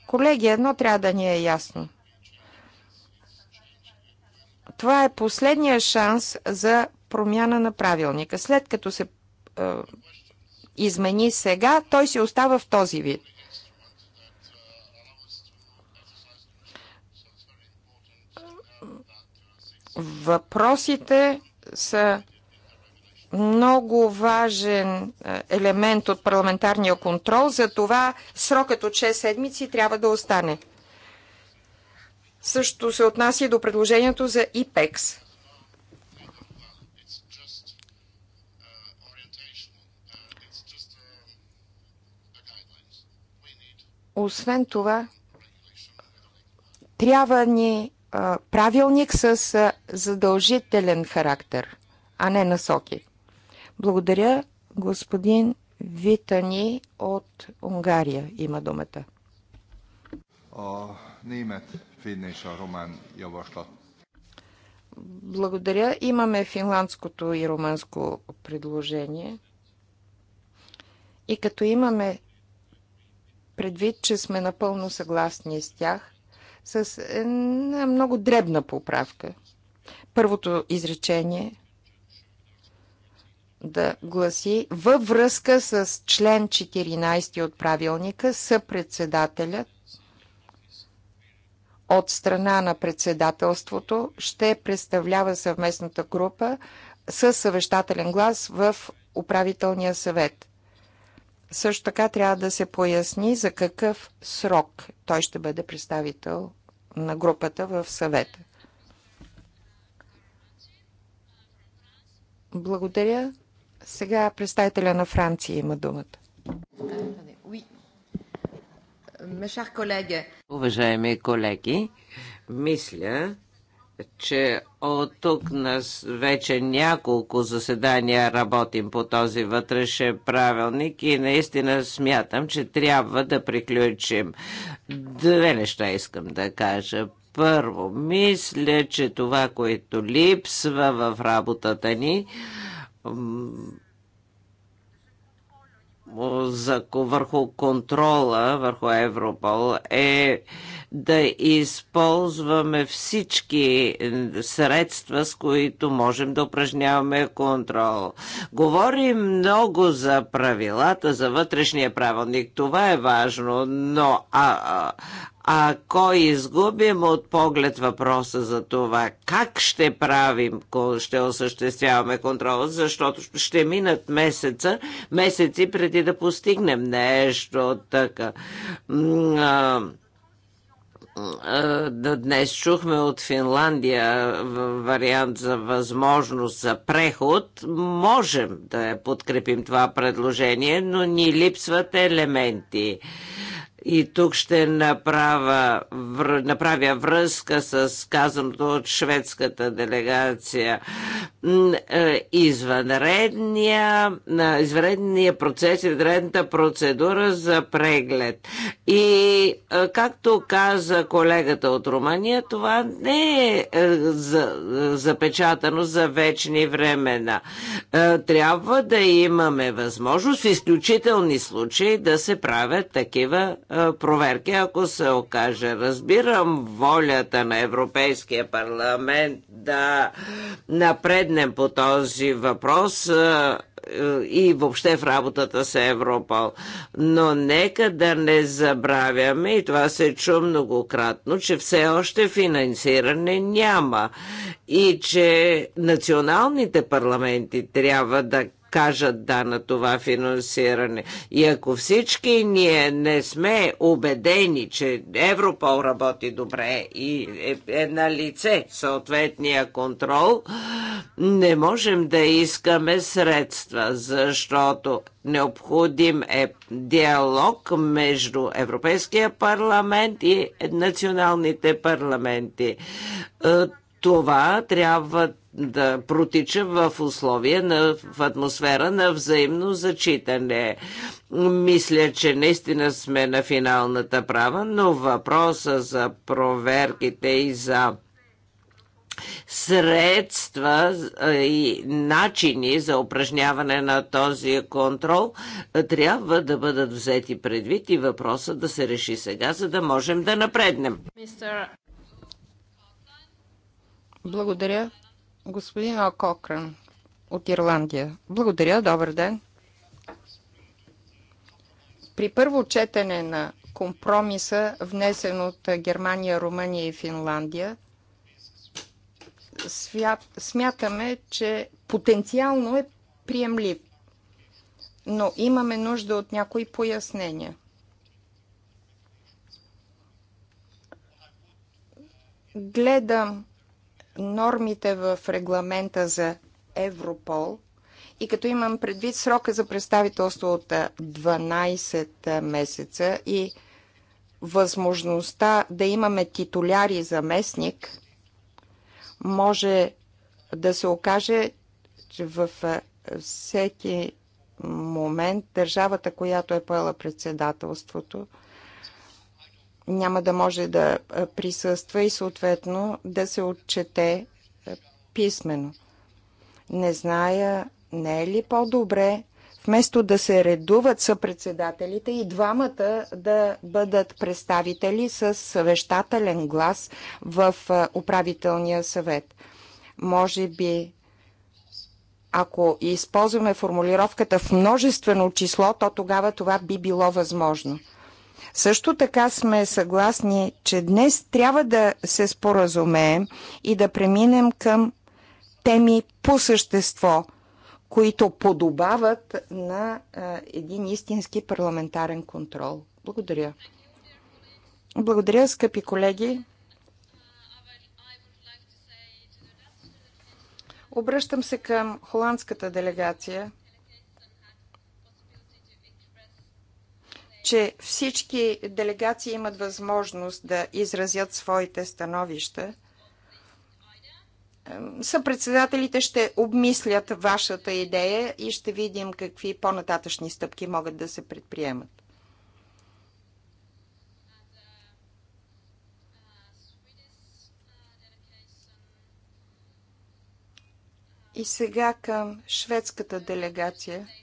Колеги, едно трябва да ни е ясно. Това е последния шанс за промяна на правилника. След като се е, измени сега, той си остава в този вид. Въпросите са много важен е, елемент от парламентарния контрол, за това срокът от 6 седмици трябва да остане. Също се отнася и до предложението за ИПЕКС. Освен това, трябва ни правилник с задължителен характер, а не насоки. Благодаря, господин Витани от Унгария има думата. Благодаря. Имаме финландското и румънско предложение. И като имаме предвид, че сме напълно съгласни с тях, с една много дребна поправка. Първото изречение да гласи във връзка с член 14 от правилника съпредседателят от страна на председателството ще представлява съвместната група със съвещателен глас в управителния съвет. Също така трябва да се поясни за какъв срок той ще бъде представител на групата в съвета. Благодаря. Сега представителя на Франция има думата. Уважаеми колеги, мисля, че от тук нас вече няколко заседания работим по този вътрешен правилник и наистина смятам, че трябва да приключим. Две неща искам да кажа. Първо, мисля, че това, което липсва в работата ни, за, върху контрола върху Европол е да използваме всички средства, с които можем да упражняваме контрол. Говорим много за правилата, за вътрешния правилник. Това е важно, но а, а, а кой изгубим от поглед въпроса за това как ще правим, ще осъществяваме контрола, защото ще минат месеца, месеци преди да постигнем нещо така. Днес чухме от Финландия вариант за възможност за преход. Можем да подкрепим това предложение, но ни липсват елементи. И тук ще направя, направя връзка с казаното от шведската делегация. Е, извънредния, извънредния процес, извънредната процедура за преглед. И е, както каза колегата от Румъния, това не е, е запечатано за вечни времена. Трябва да имаме възможност в изключителни случаи да се правят такива проверки, ако се окаже. Разбирам волята на Европейския парламент да напред погледнем по този въпрос е, и въобще в работата с Европол. Но нека да не забравяме, и това се чу многократно, че все още финансиране няма и че националните парламенти трябва да кажат да на това финансиране. И ако всички ние не сме убедени, че Европол работи добре и е, е на лице съответния контрол, не можем да искаме средства, защото необходим е диалог между Европейския парламент и националните парламенти. Е, това трябва да протича в условия на, в атмосфера на взаимно зачитане. Мисля, че наистина сме на финалната права, но въпроса за проверките и за средства и начини за упражняване на този контрол трябва да бъдат взети предвид и въпроса да се реши сега, за да можем да напреднем. Благодаря. Господин Ококран от Ирландия. Благодаря, добър ден. При първо четене на компромиса, внесен от Германия, Румъния и Финландия, свят, смятаме, че потенциално е приемлив. Но имаме нужда от някои пояснения. Гледам нормите в регламента за Европол и като имам предвид срока за представителство от 12 месеца и възможността да имаме титуляри за заместник, може да се окаже, че в всеки момент държавата, която е поела председателството, няма да може да присъства и съответно да се отчете писменно. Не зная, не е ли по-добре, вместо да се редуват съпредседателите и двамата да бъдат представители с съвещателен глас в управителния съвет. Може би ако използваме формулировката в множествено число, то тогава това би било възможно. Също така сме съгласни, че днес трябва да се споразумеем и да преминем към теми по същество, които подобават на а, един истински парламентарен контрол. Благодаря. Благодаря, скъпи колеги. Обръщам се към холандската делегация. че всички делегации имат възможност да изразят своите становища. Съпредседателите ще обмислят вашата идея и ще видим какви по-нататъчни стъпки могат да се предприемат. И сега към шведската делегация –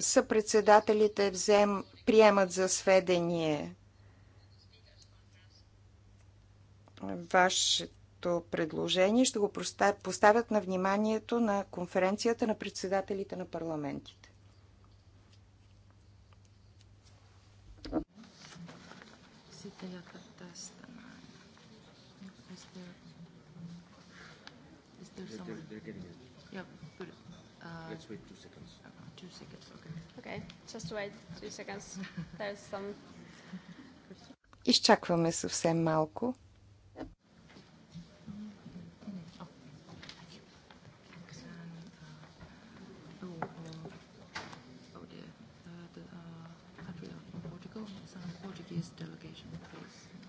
съпредседателите взем, приемат за сведение вашето предложение, ще го поставят на вниманието на конференцията на председателите на парламентите. Yeah, uh, Let's wait two seconds. Just wait two seconds. There's some... Изчакваме съвсем малко.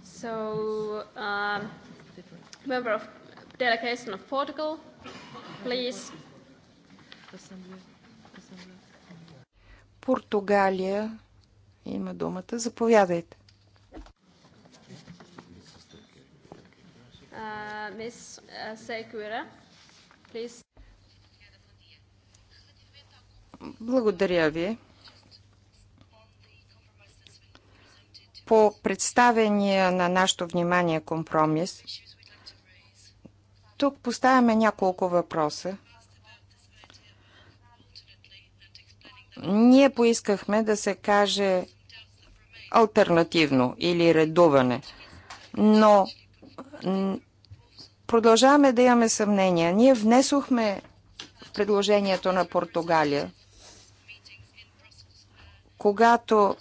So, um, member of delegation of Portugal, please Португалия има думата. Заповядайте. Мис Секуера, Благодаря ви. По представения на нашето внимание компромис, тук поставяме няколко въпроса. Ние поискахме да се каже альтернативно или редуване, но продължаваме да имаме съмнения. Ние внесохме в предложението на Португалия, когато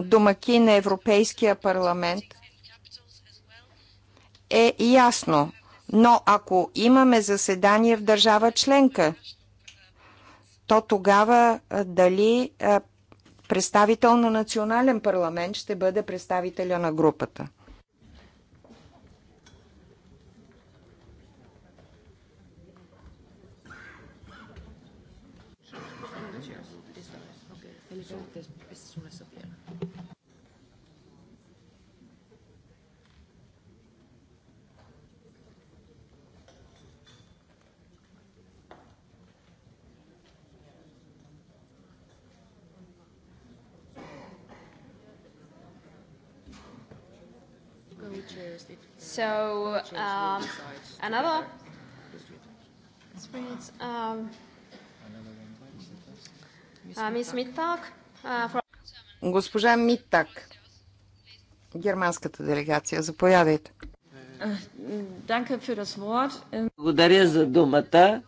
домаки на е Европейския парламент, е ясно. Но ако имаме заседание в държава членка, то тогава дали представител на национален парламент ще бъде представителя на групата. So um, another Um, uh, Mittag, uh, from... Госпожа Миттак, германската делегация, заповядайте. Благодаря за думата.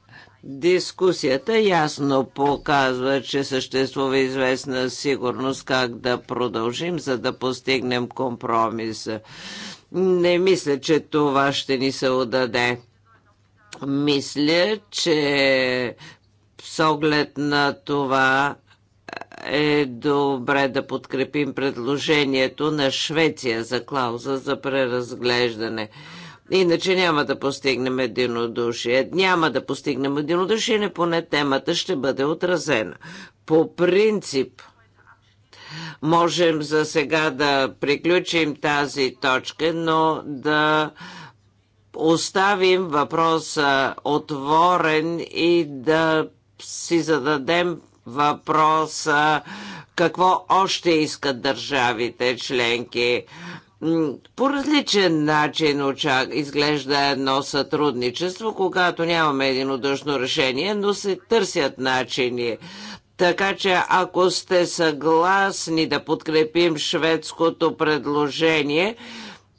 Дискусията ясно показва, че съществува известна сигурност как да продължим, за да постигнем компромис. Не мисля, че това ще ни се отдаде. Мисля, че с оглед на това е добре да подкрепим предложението на Швеция за клауза за преразглеждане. Иначе няма да постигнем единодушие. Няма да постигнем единодушие, не поне темата ще бъде отразена. По принцип, Можем за сега да приключим тази точка, но да оставим въпроса отворен и да си зададем въпроса какво още искат държавите членки. По различен начин изглежда едно сътрудничество, когато нямаме единодушно решение, но се търсят начини. Така че ако сте съгласни да подкрепим шведското предложение,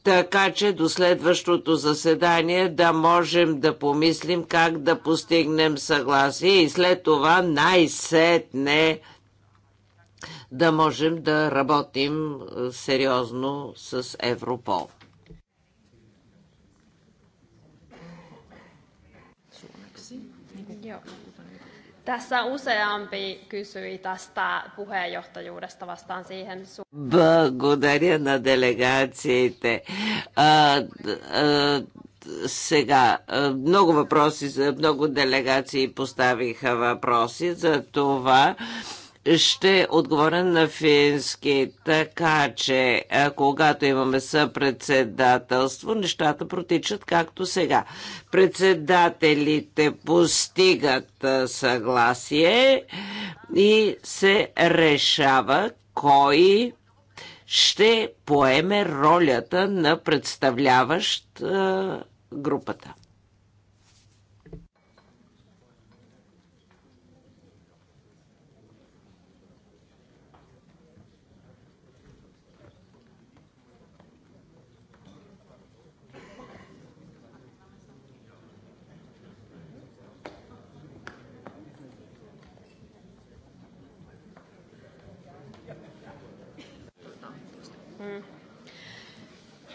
така че до следващото заседание да можем да помислим как да постигнем съгласие и след това най-сетне да можем да работим е, сериозно с Европол. Tässä useampi kysyi tästä puheenjohtajuudesta. Vastaan siihen suuntaan. Благодаря сега, много въпроси, много делегации поставиха въпроси за това ще отговоря на фински, така че когато имаме съпредседателство, нещата протичат както сега. Председателите постигат съгласие и се решава кой ще поеме ролята на представляващ групата.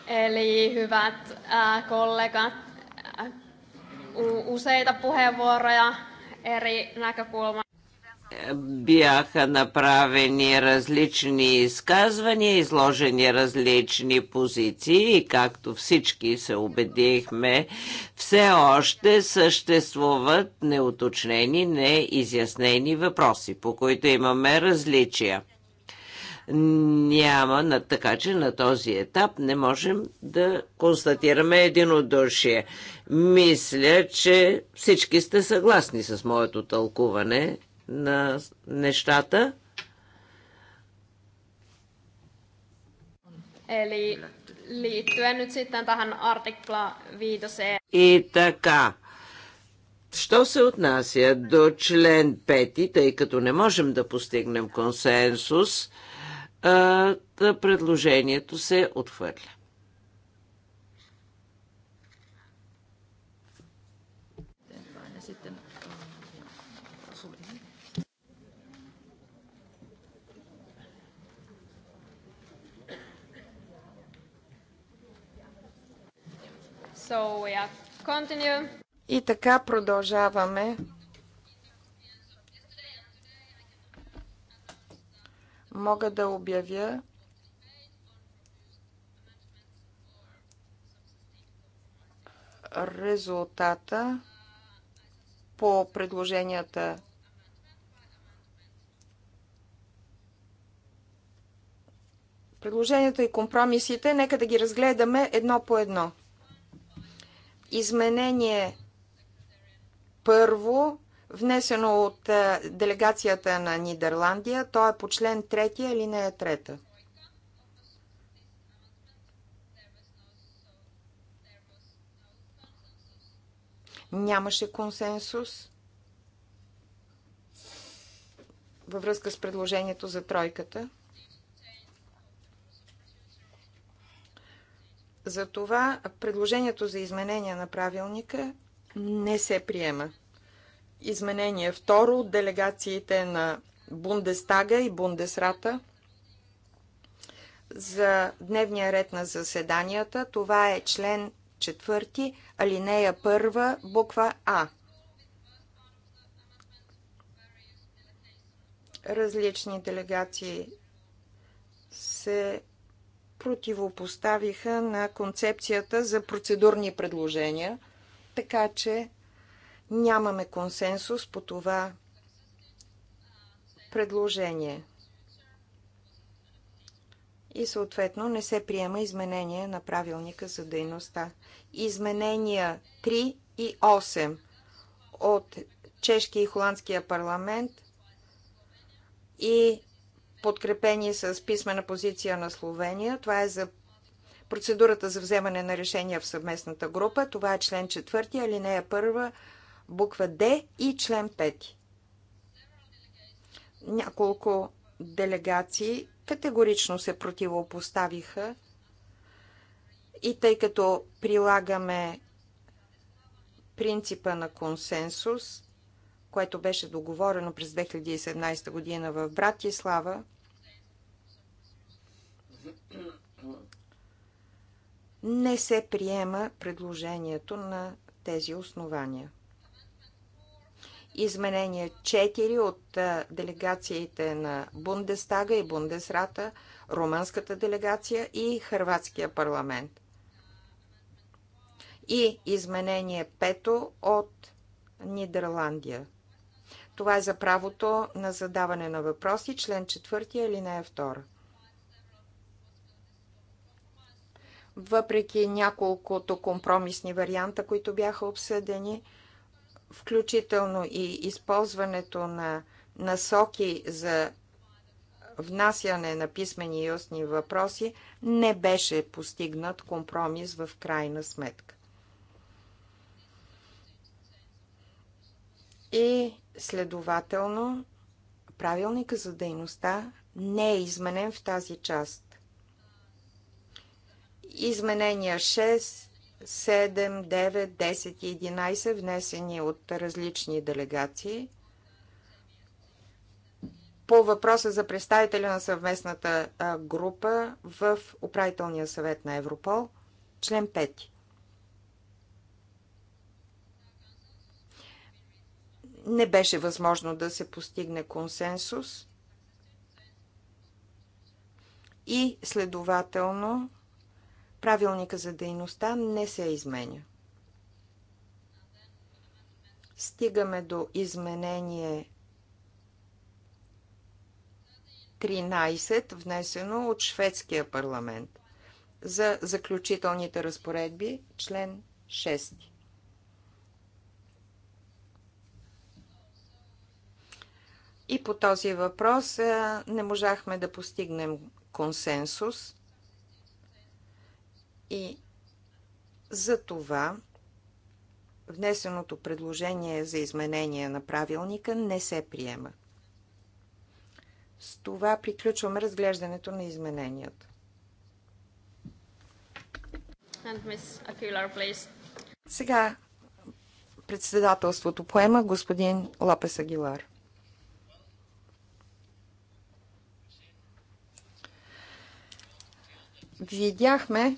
Eli hyvät kollegat, useita puheenvuoroja eri näkökulmasta бяха направени различни изказвания, изложени различни позиции и както всички се убедихме, все още съществуват неуточнени, неизяснени въпроси, по които имаме различия няма, така че на този етап не можем да констатираме единодушие. Мисля, че всички сте съгласни с моето тълкуване на нещата. Eli liittyen nyt sitten tähän artikla viitoseen. И така. Що се отнася до член 5, тъй като не можем да постигнем консенсус, предложението се отхвърля. So, yeah. И така продължаваме мога да обявя, резултата по предложенията предложенията и компромисите, нека да ги разгледаме едно по едно. Изменение първо внесено от е, делегацията на Нидерландия. То е по член 3, алинея 3. Нямаше консенсус във връзка с предложението за тройката. Затова предложението за изменение на правилника не се приема. Изменение второ. Делегациите на Бундестага и Бундесрата за дневния ред на заседанията. Това е член 4, алинея 1, буква А. Различни делегации се противопоставиха на концепцията за процедурни предложения, така че Нямаме консенсус по това предложение. И съответно не се приема изменение на правилника за дейността. Изменения 3 и 8 от чешкия и холандския парламент и подкрепени с писмена позиция на Словения. Това е за процедурата за вземане на решения в съвместната група. Това е член 4, алинея 1 буква Д и член 5. Няколко делегации категорично се противопоставиха и тъй като прилагаме принципа на консенсус, което беше договорено през 2017 година в Братислава, не се приема предложението на тези основания. Изменение 4 от делегациите на Бундестага и Бундесрата, румънската делегация и хрватския парламент. И изменение 5 от Нидерландия. Това е за правото на задаване на въпроси, член 4 или не 2. Въпреки няколкото компромисни варианта, които бяха обсъдени, включително и използването на насоки за внасяне на писмени и устни въпроси, не беше постигнат компромис в крайна сметка. И следователно, правилника за дейността не е изменен в тази част. Изменения 6, 7, 9, 10 и 11, внесени от различни делегации. По въпроса за представителя на съвместната група в управителния съвет на Европол, член 5. Не беше възможно да се постигне консенсус и следователно правилника за дейността не се изменя. Стигаме до изменение 13, внесено от шведския парламент за заключителните разпоредби, член 6. И по този въпрос не можахме да постигнем консенсус. И за това внесеното предложение за изменение на правилника не се приема. С това приключваме разглеждането на измененията. Сега председателството поема господин Лапес Агилар. Видяхме,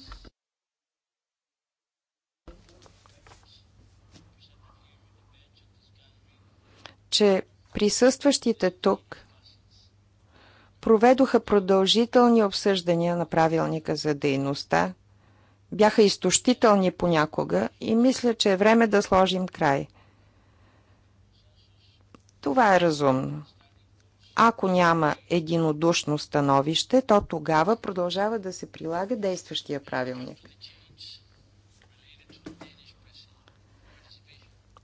че присъстващите тук проведоха продължителни обсъждания на правилника за дейността, бяха изтощителни понякога и мисля, че е време да сложим край. Това е разумно. Ако няма единодушно становище, то тогава продължава да се прилага действащия правилник.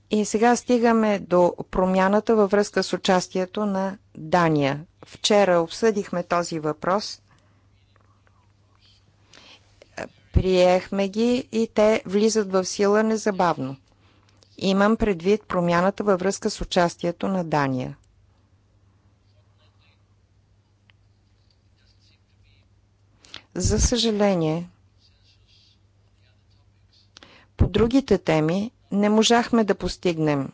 И сега стигаме до промяната във връзка с участието на Дания. Вчера обсъдихме този въпрос. Приехме ги и те влизат в сила незабавно. Имам предвид промяната във връзка с участието на Дания. За съжаление, по другите теми не можахме да постигнем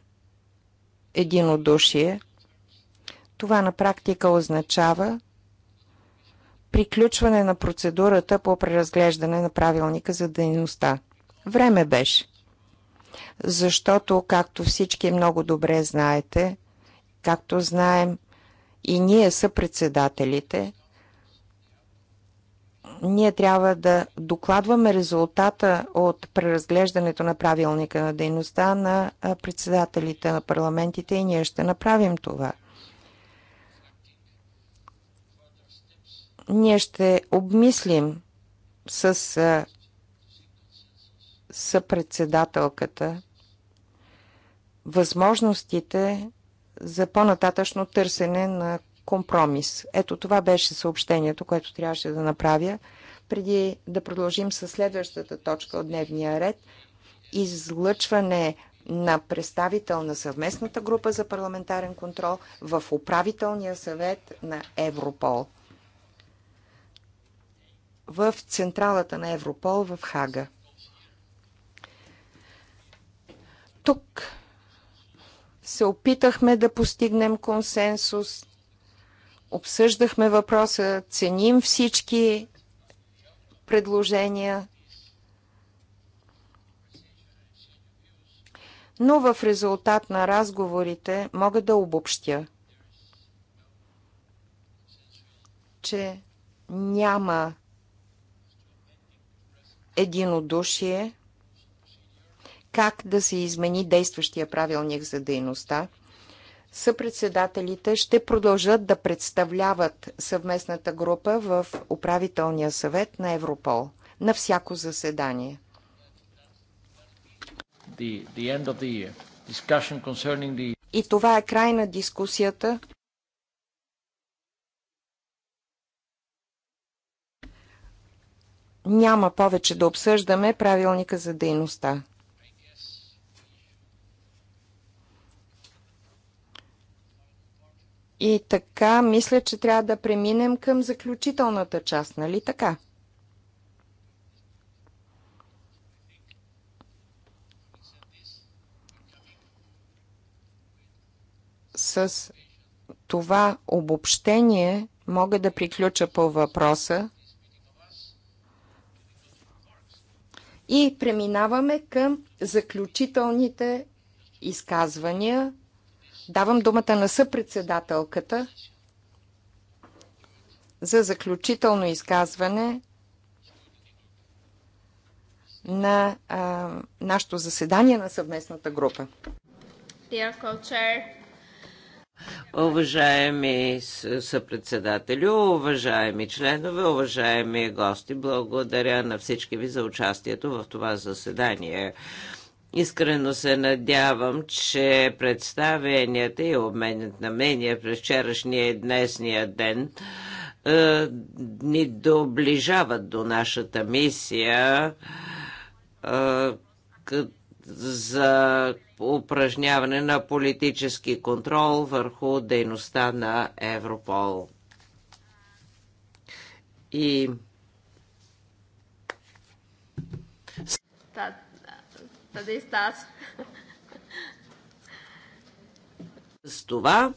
единодушие. Това на практика означава приключване на процедурата по преразглеждане на правилника за дейността. Време беше. Защото, както всички много добре знаете, както знаем и ние са председателите, ние трябва да докладваме резултата от преразглеждането на правилника на дейността на председателите на парламентите и ние ще направим това. Ние ще обмислим с съпредседателката възможностите за по-нататъчно търсене на компромис. Ето това беше съобщението, което трябваше да направя преди да продължим с следващата точка от дневния ред излъчване на представител на съвместната група за парламентарен контрол в управителния съвет на Европол в централата на Европол в Хага. Тук се опитахме да постигнем консенсус Обсъждахме въпроса, ценим всички предложения, но в резултат на разговорите мога да обобщя, че няма единодушие как да се измени действащия правилник за дейността – съпредседателите ще продължат да представляват съвместната група в управителния съвет на Европол на всяко заседание. The, the the... И това е край на дискусията. Няма повече да обсъждаме правилника за дейността. И така, мисля, че трябва да преминем към заключителната част, нали така? С това обобщение мога да приключа по въпроса и преминаваме към заключителните изказвания Давам думата на съпредседателката за заключително изказване на а, нашето заседание на съвместната група. Уважаеми съпредседатели, уважаеми членове, уважаеми гости, благодаря на всички ви за участието в това заседание. Искрено се надявам, че представенията и обменят на мнения през вчерашния и днесния ден е, ни доближават до нашата мисия е, за упражняване на политически контрол върху дейността на Европол. И Къде стас? С това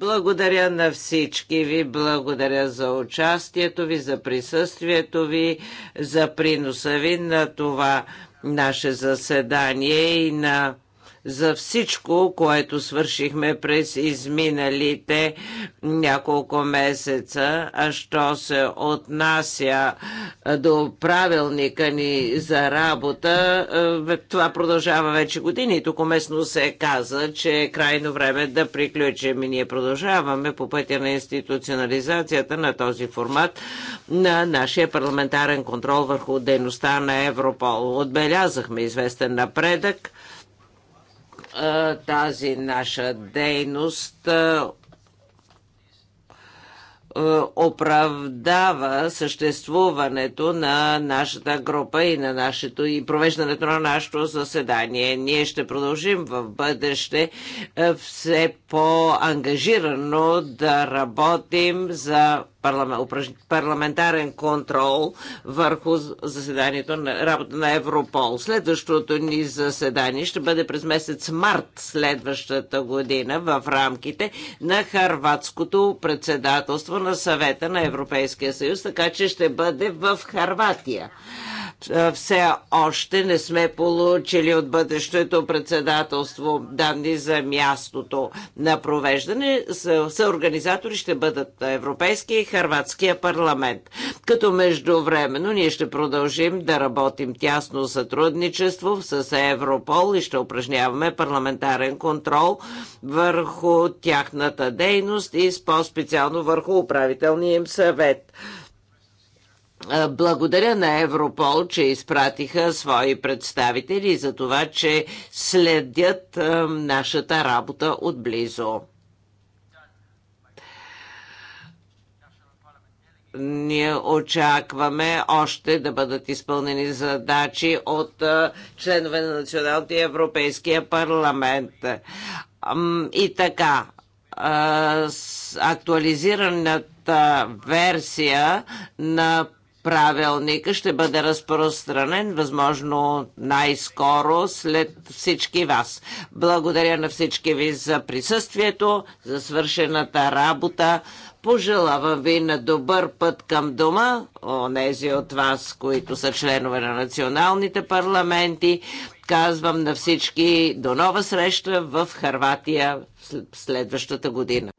благодаря на всички ви, благодаря за участието ви, за присъствието ви, за приноса ви на това наше заседание и на за всичко, което свършихме през изминалите няколко месеца. А що се отнася до правилника ни за работа, това продължава вече години. Тук уместно се каза, че е крайно време да приключим и ние продължаваме по пътя на институционализацията на този формат на нашия парламентарен контрол върху дейността на Европол. Отбелязахме известен напредък тази наша дейност оправдава съществуването на нашата група и на нашето и провеждането на нашето заседание. Ние ще продължим в бъдеще все по-ангажирано да работим за парламентарен контрол върху заседанието на работа на Европол. Следващото ни заседание ще бъде през месец март следващата година в рамките на Харватското председателство на съвета на Европейския съюз, така че ще бъде в Харватия. Е, все още не сме получили от бъдещето председателство данни за мястото на провеждане. Съорганизатори ще бъдат Европейския и Харватския парламент. Като междувременно ние ще продължим да работим тясно сътрудничество с Европол и ще упражняваме парламентарен контрол върху тяхната дейност и по-специално върху управителния им съвет. Благодаря на Европол, че изпратиха свои представители за това, че следят нашата работа отблизо. ние очакваме още да бъдат изпълнени задачи от членове на Националната и Европейския парламент. И така, с актуализираната версия на правилника ще бъде разпространен възможно най-скоро след всички вас. Благодаря на всички ви за присъствието, за свършената работа. Пожелавам ви на добър път към дома, онези от вас, които са членове на националните парламенти. Казвам на всички до нова среща в Харватия в следващата година.